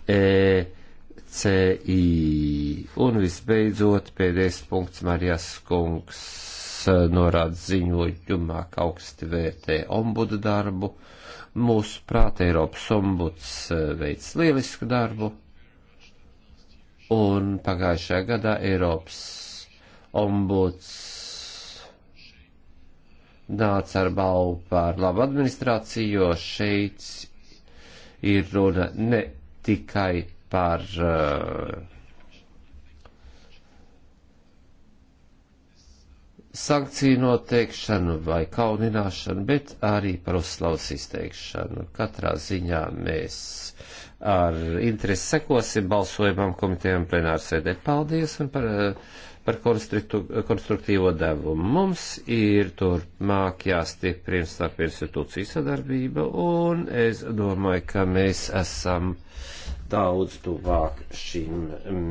ECI. Un visbeidzot, pēdējais punkts Marijas kungs e, norāda ziņojumā, ka augsti vērtē ombudu darbu. Mūsu prāta Eiropas ombuds e, veic lielisku darbu. Un pagājušajā gadā Eiropas ombuds nāca ar balvu par labu administrāciju, jo šeit ir runa ne tikai par eh, sankciju noteikšanu vai kaunināšanu, bet arī par uzslavas izteikšanu. Katrā ziņā mēs ar interesi sekosim balsojumam komitejam plenārsēdē. Paldies un par uh, par konstruktīvo devumu. Mums ir turpmāk jāstiprina starp institūciju sadarbība, un es domāju, ka mēs esam daudz tuvāk šim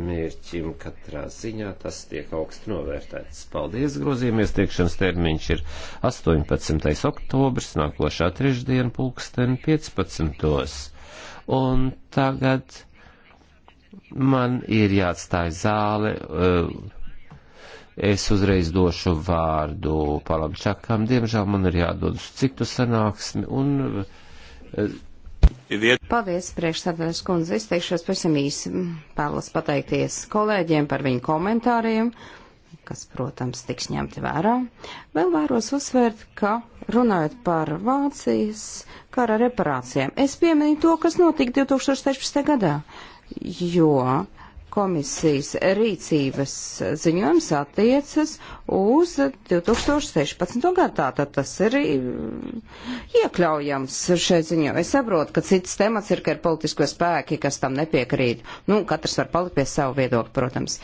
mērķim katrā ziņā. Tas tiek augstu novērtēts. Paldies, grozījuma iestiekšanas termiņš ir 18. oktobrs, nākošā trešdiena pulksten 15. Un tagad man ir jāatstāj zāle. Uh, Es uzreiz došu vārdu Palam Čakam. Diemžēl man ir jādod uz citu sanāksmi un. Eh, Paldies, priekšsēdētājs kundze. Izteikšos pavisam īsi. Vēlos pateikties kolēģiem par viņu komentāriem, kas, protams, tiks ņemti vērā. Vēl vēros uzsvērt, ka runājot par Vācijas kara reparācijām, es pieminīju to, kas notika 2016. gadā, jo komisijas rīcības ziņojums attiecas uz 2016. gadu. Tātad tas ir mm, iekļaujams šai ziņojumā. Es saprotu, ka cits temats ir, ka ir politisko spēki, kas tam nepiekrīt. Nu, katrs var palikt pie savu viedokli, protams.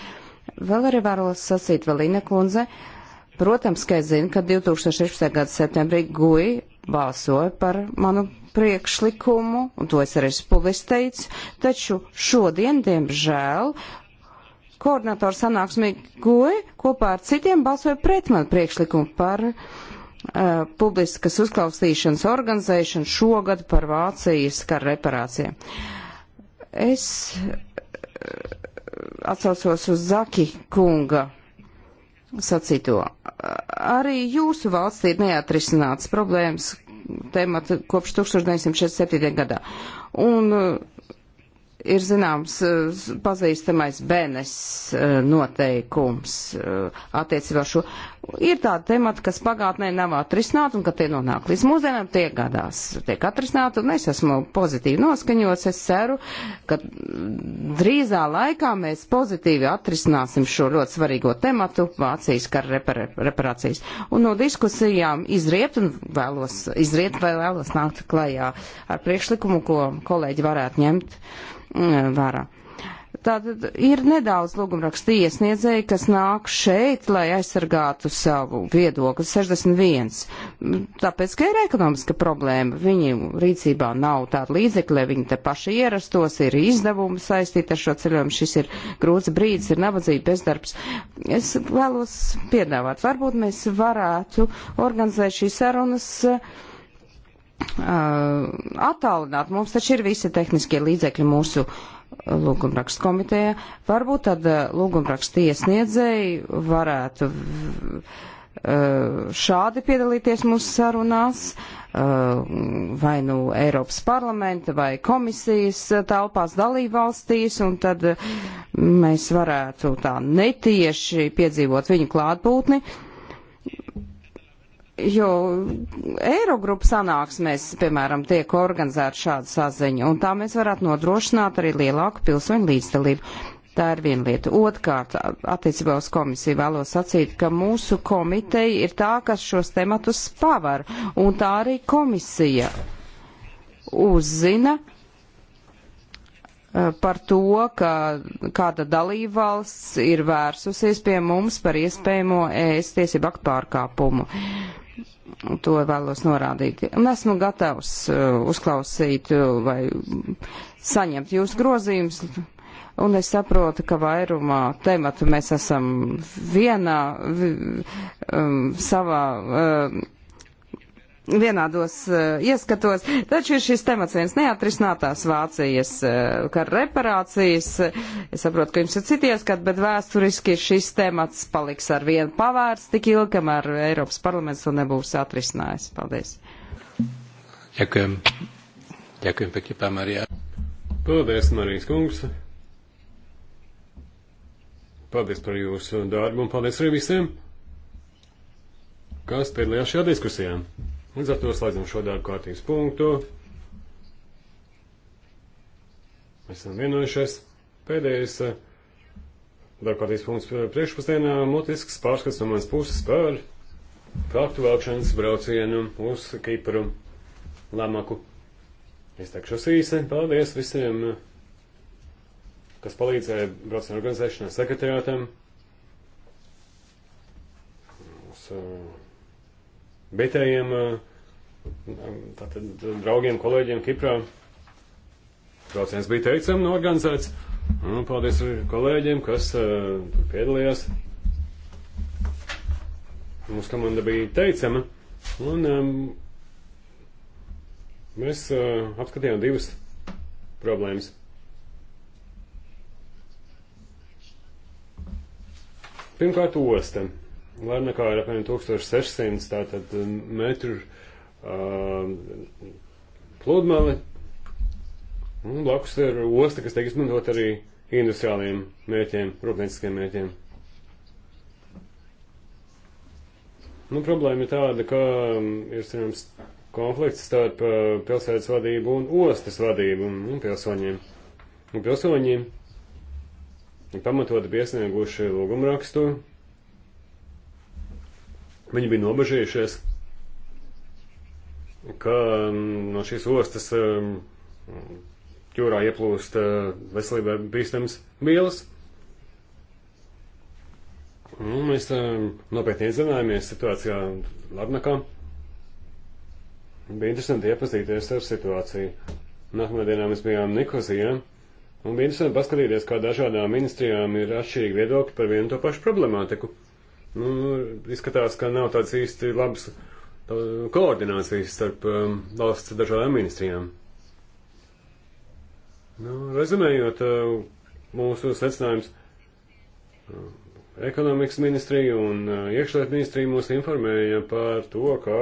Vēl arī var sasīt Valīna Kunze. Protams, ka es zinu, ka 2016. gada septembrī GUI balsoja par manu priekšlikumu, un to es arī spulis teicu, taču šodien, diemžēl, koordinators sanāksmī goja kopā ar citiem balsoja pret manu priekšlikumu par uh, publiskas uzklausīšanas organizēšanu šogad par Vācijas kara reparācijām. Es uh, atsaucos uz Zaki kunga sacīto. Arī jūsu valstī ir neatrisināts problēmas, temata kopš 1967. gadā. Un ir zināms eh, pazīstamais Benes eh, noteikums eh, attiecībā šo. Ir tāda temata, kas pagātnē nav atrisināta un, kad tie nonāk līdz mūsdienām, tie gadās, tiek atrisināta un es esmu pozitīvi noskaņots. Es ceru, ka drīzā laikā mēs pozitīvi atrisināsim šo ļoti svarīgo tematu Vācijas kara repar reparācijas. Un no diskusijām izriet un vēlos, izriet vai vēlos nākt klajā ar priekšlikumu, ko kolēģi varētu ņemt. Uh, varā. Tātad ir nedaudz lūgumrakstu iesniedzēji, kas nāk šeit, lai aizsargātu savu viedokli 61. Tāpēc, ka ir ekonomiska problēma, viņu rīcībā nav tāda līdzekļa, lai viņi te paši ierastos, ir izdevumi saistīti ar šo ceļojumu, šis ir grūts brīdis, ir nabadzība, bezdarbs. Es vēlos piedāvāt, varbūt mēs varētu organizēt šīs sarunas. Uh, Uh, attālināt. Mums taču ir visi tehniskie līdzekļi mūsu lūgumrakstu komitejā. Varbūt tad uh, lūgumrakstu iesniedzēji varētu uh, šādi piedalīties mūsu sarunās, vai nu Eiropas parlamenta vai komisijas telpās dalībvalstīs, un tad mēs varētu tā netieši piedzīvot viņu klātbūtni jo Eirogrupas sanāksmēs, piemēram, tiek organizēta šāda saziņa, un tā mēs varētu nodrošināt arī lielāku pilsoņu līdzdalību. Tā ir viena lieta. Otkārt, attiecībā uz komisiju vēlos sacīt, ka mūsu komiteja ir tā, kas šos tematus pavar, un tā arī komisija uzzina eh, par to, ka kāda dalībvalsts ir vērsusies pie mums par iespējamo ēst tiesību aktu pārkāpumu. Uh, To vēlos norādīt. Un esmu gatavs uh, uzklausīt uh, vai saņemt jūsu grozījumus. Un es saprotu, ka vairumā tematu mēs esam vienā vi, um, savā um, vienādos eh, ieskatos, taču ir šis temats viens neatrisinātās Vācijas eh, kara reparācijas. Es saprotu, ka jums ir citi ieskati, bet vēsturiski šis temats paliks ar vienu pavērts tik ilgi, kamēr Eiropas parlaments to nebūs atrisinājis. Paldies. Ďakujem. Ďakujem pekne, pán Marijā. Paldies, Marijas kungs. Paldies par jūsu darbu un paldies arī visiem, kas piedalījās šajā diskusijā. Līdz ar to slēdzam šo darbu kārtības punktu. Mēs esam vienojušies. Pēdējais eh, darba kārtības punkts eh, priekšpusdienā mutisks pārskats no manas puses par faktu vākšanas braucienu uz Kipru Lamaku. Es teikšos īsi. Paldies visiem, eh, kas palīdzēja braucienu organizēšanā sekretariātam. Uz, uh, vietējiem tātad, draugiem, kolēģiem Kiprā. Brauciens bija teicami nu, organizēts. Un nu, paldies kolēģiem, kas uh, tur piedalījās. Mūsu komanda bija teicama. Un um, mēs uh, apskatījām divas problēmas. Pirmkārt, ostam. Larnakā ir apmēram 1600 tātad um, metru uh, pludmali. Un blakus ir osta, kas tiek izmantot arī industriāliem mērķiem, rūpnieciskiem mērķiem. Nu, problēma ir tāda, ka um, ir zināms konflikts starp uh, pilsētas vadību un ostas vadību un, un pilsoņiem. Un pilsoņiem ir pamatoti piesnieguši lūgumrakstu rakstu Viņi bija nobežījušies, ka mm, no šīs ostas mm, jūrā ieplūst mm, veselībai bīstams vielas. Nu, mēs nopietni iezinājāmies situācijā Larnakā. Bija interesanti iepazīties ar situāciju. Nākamajā dienā mēs bijām Nikozijā. Un bija interesanti paskatīties, kā dažādām ministrijām ir atšķirīgi viedokļi par vienu to pašu problemātiku. Nu, izskatās, ka nav tāds īsti labs tā, koordinācijas starp um, valsts dažādām ministrijām. Nu, rezumējot, uh, mūsu secinājums. Uh, ekonomikas ministrija un uh, iekšlietu ministrija mūs informēja par to, ka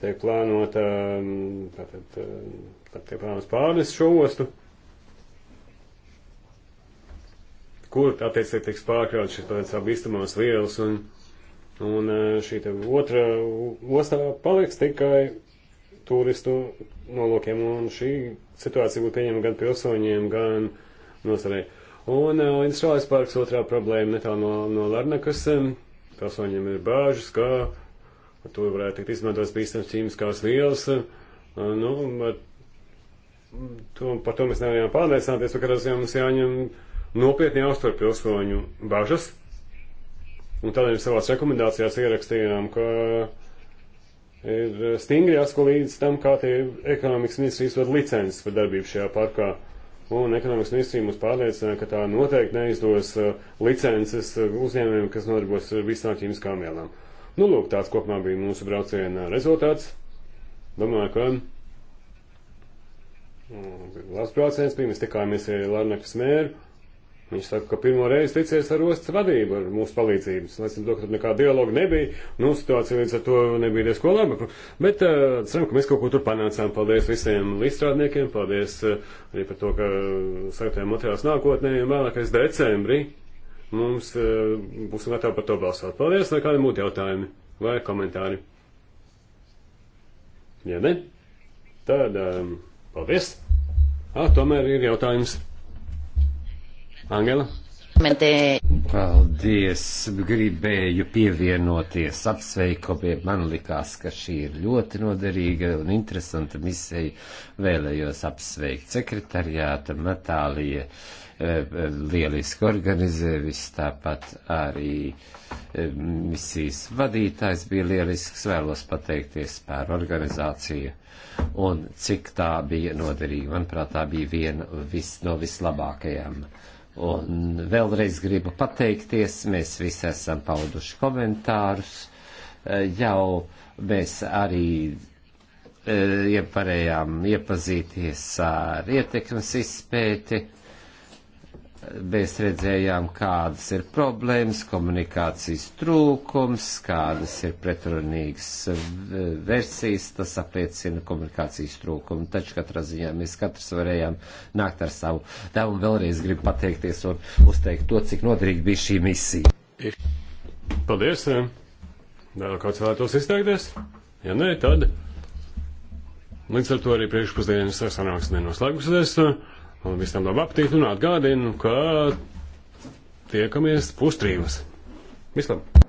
tiek plānota um, tātad, uh, tiek plānotas pārnes šo ostu. kur attiecīgi tiks pārkraut šis pēc bīstamās vielas, un, un e, šī te otra ostā paliks tikai turistu nolūkiem, un šī situācija būtu pieņemama gan pilsoņiem, gan nozarei. Un uh, Industriālais parks otrā problēma netālu no, no Larnakas. E, pilsoņiem ir bāžas, ka tur varētu tikt izmantotas bīstamas ķīmiskās vielas. Uh, nu, bet, to, par to mēs nevarējām pārliecināties, ka mums jāņem nopietni jāuztver pilsoņu bažas. Un tādēļ savās rekomendācijās ierakstījām, ka ir stingri jāsako līdz tam, kā tie ekonomikas ministrijas dod licences par darbību šajā parkā. Un ekonomikas ministrija mums pārliecināja, ka tā noteikti neizdos uh, licences uh, uzņēmumiem, kas nodarbojas ar visām ķīmiskām vielām. Nu, lūk, tāds kopumā bija mūsu brauciena rezultāts. Domāju, ka mm, Labs brauciens bija, mēs tikāmies ar Larnakas mēru, Viņš saka, ka pirmo reizi ticies ar ostas vadību, ar mūsu palīdzību. Līdz tam, ka nekāda dialoga nebija, nu, situācija līdz ar to nebija diezko laba. Bet uh, ceram, ka mēs kaut ko tur panācām. Paldies visiem līdzstrādniekiem, paldies uh, arī par to, ka sagatavojam materiālus nākotnē, un vēlākais decembrī mums uh, būsim gatavi par to balsot. Paldies, nekādi mūti jautājumi vai komentāri. Ja ne, tad um, paldies. Ah, tomēr ir jautājums. Angela? Paldies! Gribēju pievienoties apsveikumiem. Man likās, ka šī ir ļoti noderīga un interesanta misija. Vēlējos apsveikt sekretariātu Natālija. E, e, lieliski organizē, viss tāpat arī e, misijas vadītājs bija lielisks. Vēlos pateikties par organizāciju un cik tā bija noderīga. Manuprāt, tā bija viena vis, no vislabākajām Un vēlreiz gribu pateikties, mēs visi esam pauduši komentārus, eh, jau mēs arī eh, ieparējām iepazīties ar ietekmes izpēti Mēs redzējām, kādas ir problēmas, komunikācijas trūkums, kādas ir pretrunīgas versijas, tas apliecina komunikācijas trūkumu. Taču katrā ziņā mēs katrs varējām nākt ar savu devumu. Vēlreiz gribu pateikties un uzteikt to, cik noderīgi bija šī misija. Paldies! Vēl kāds vēlētos izteikties? Ja nē, tad. Līdz ar to arī priekšpusdienas sanāksmē noslēgusies. Un visam labu aptīti un atgādinu, ka tiekamies pustrīvas. Vislabāk!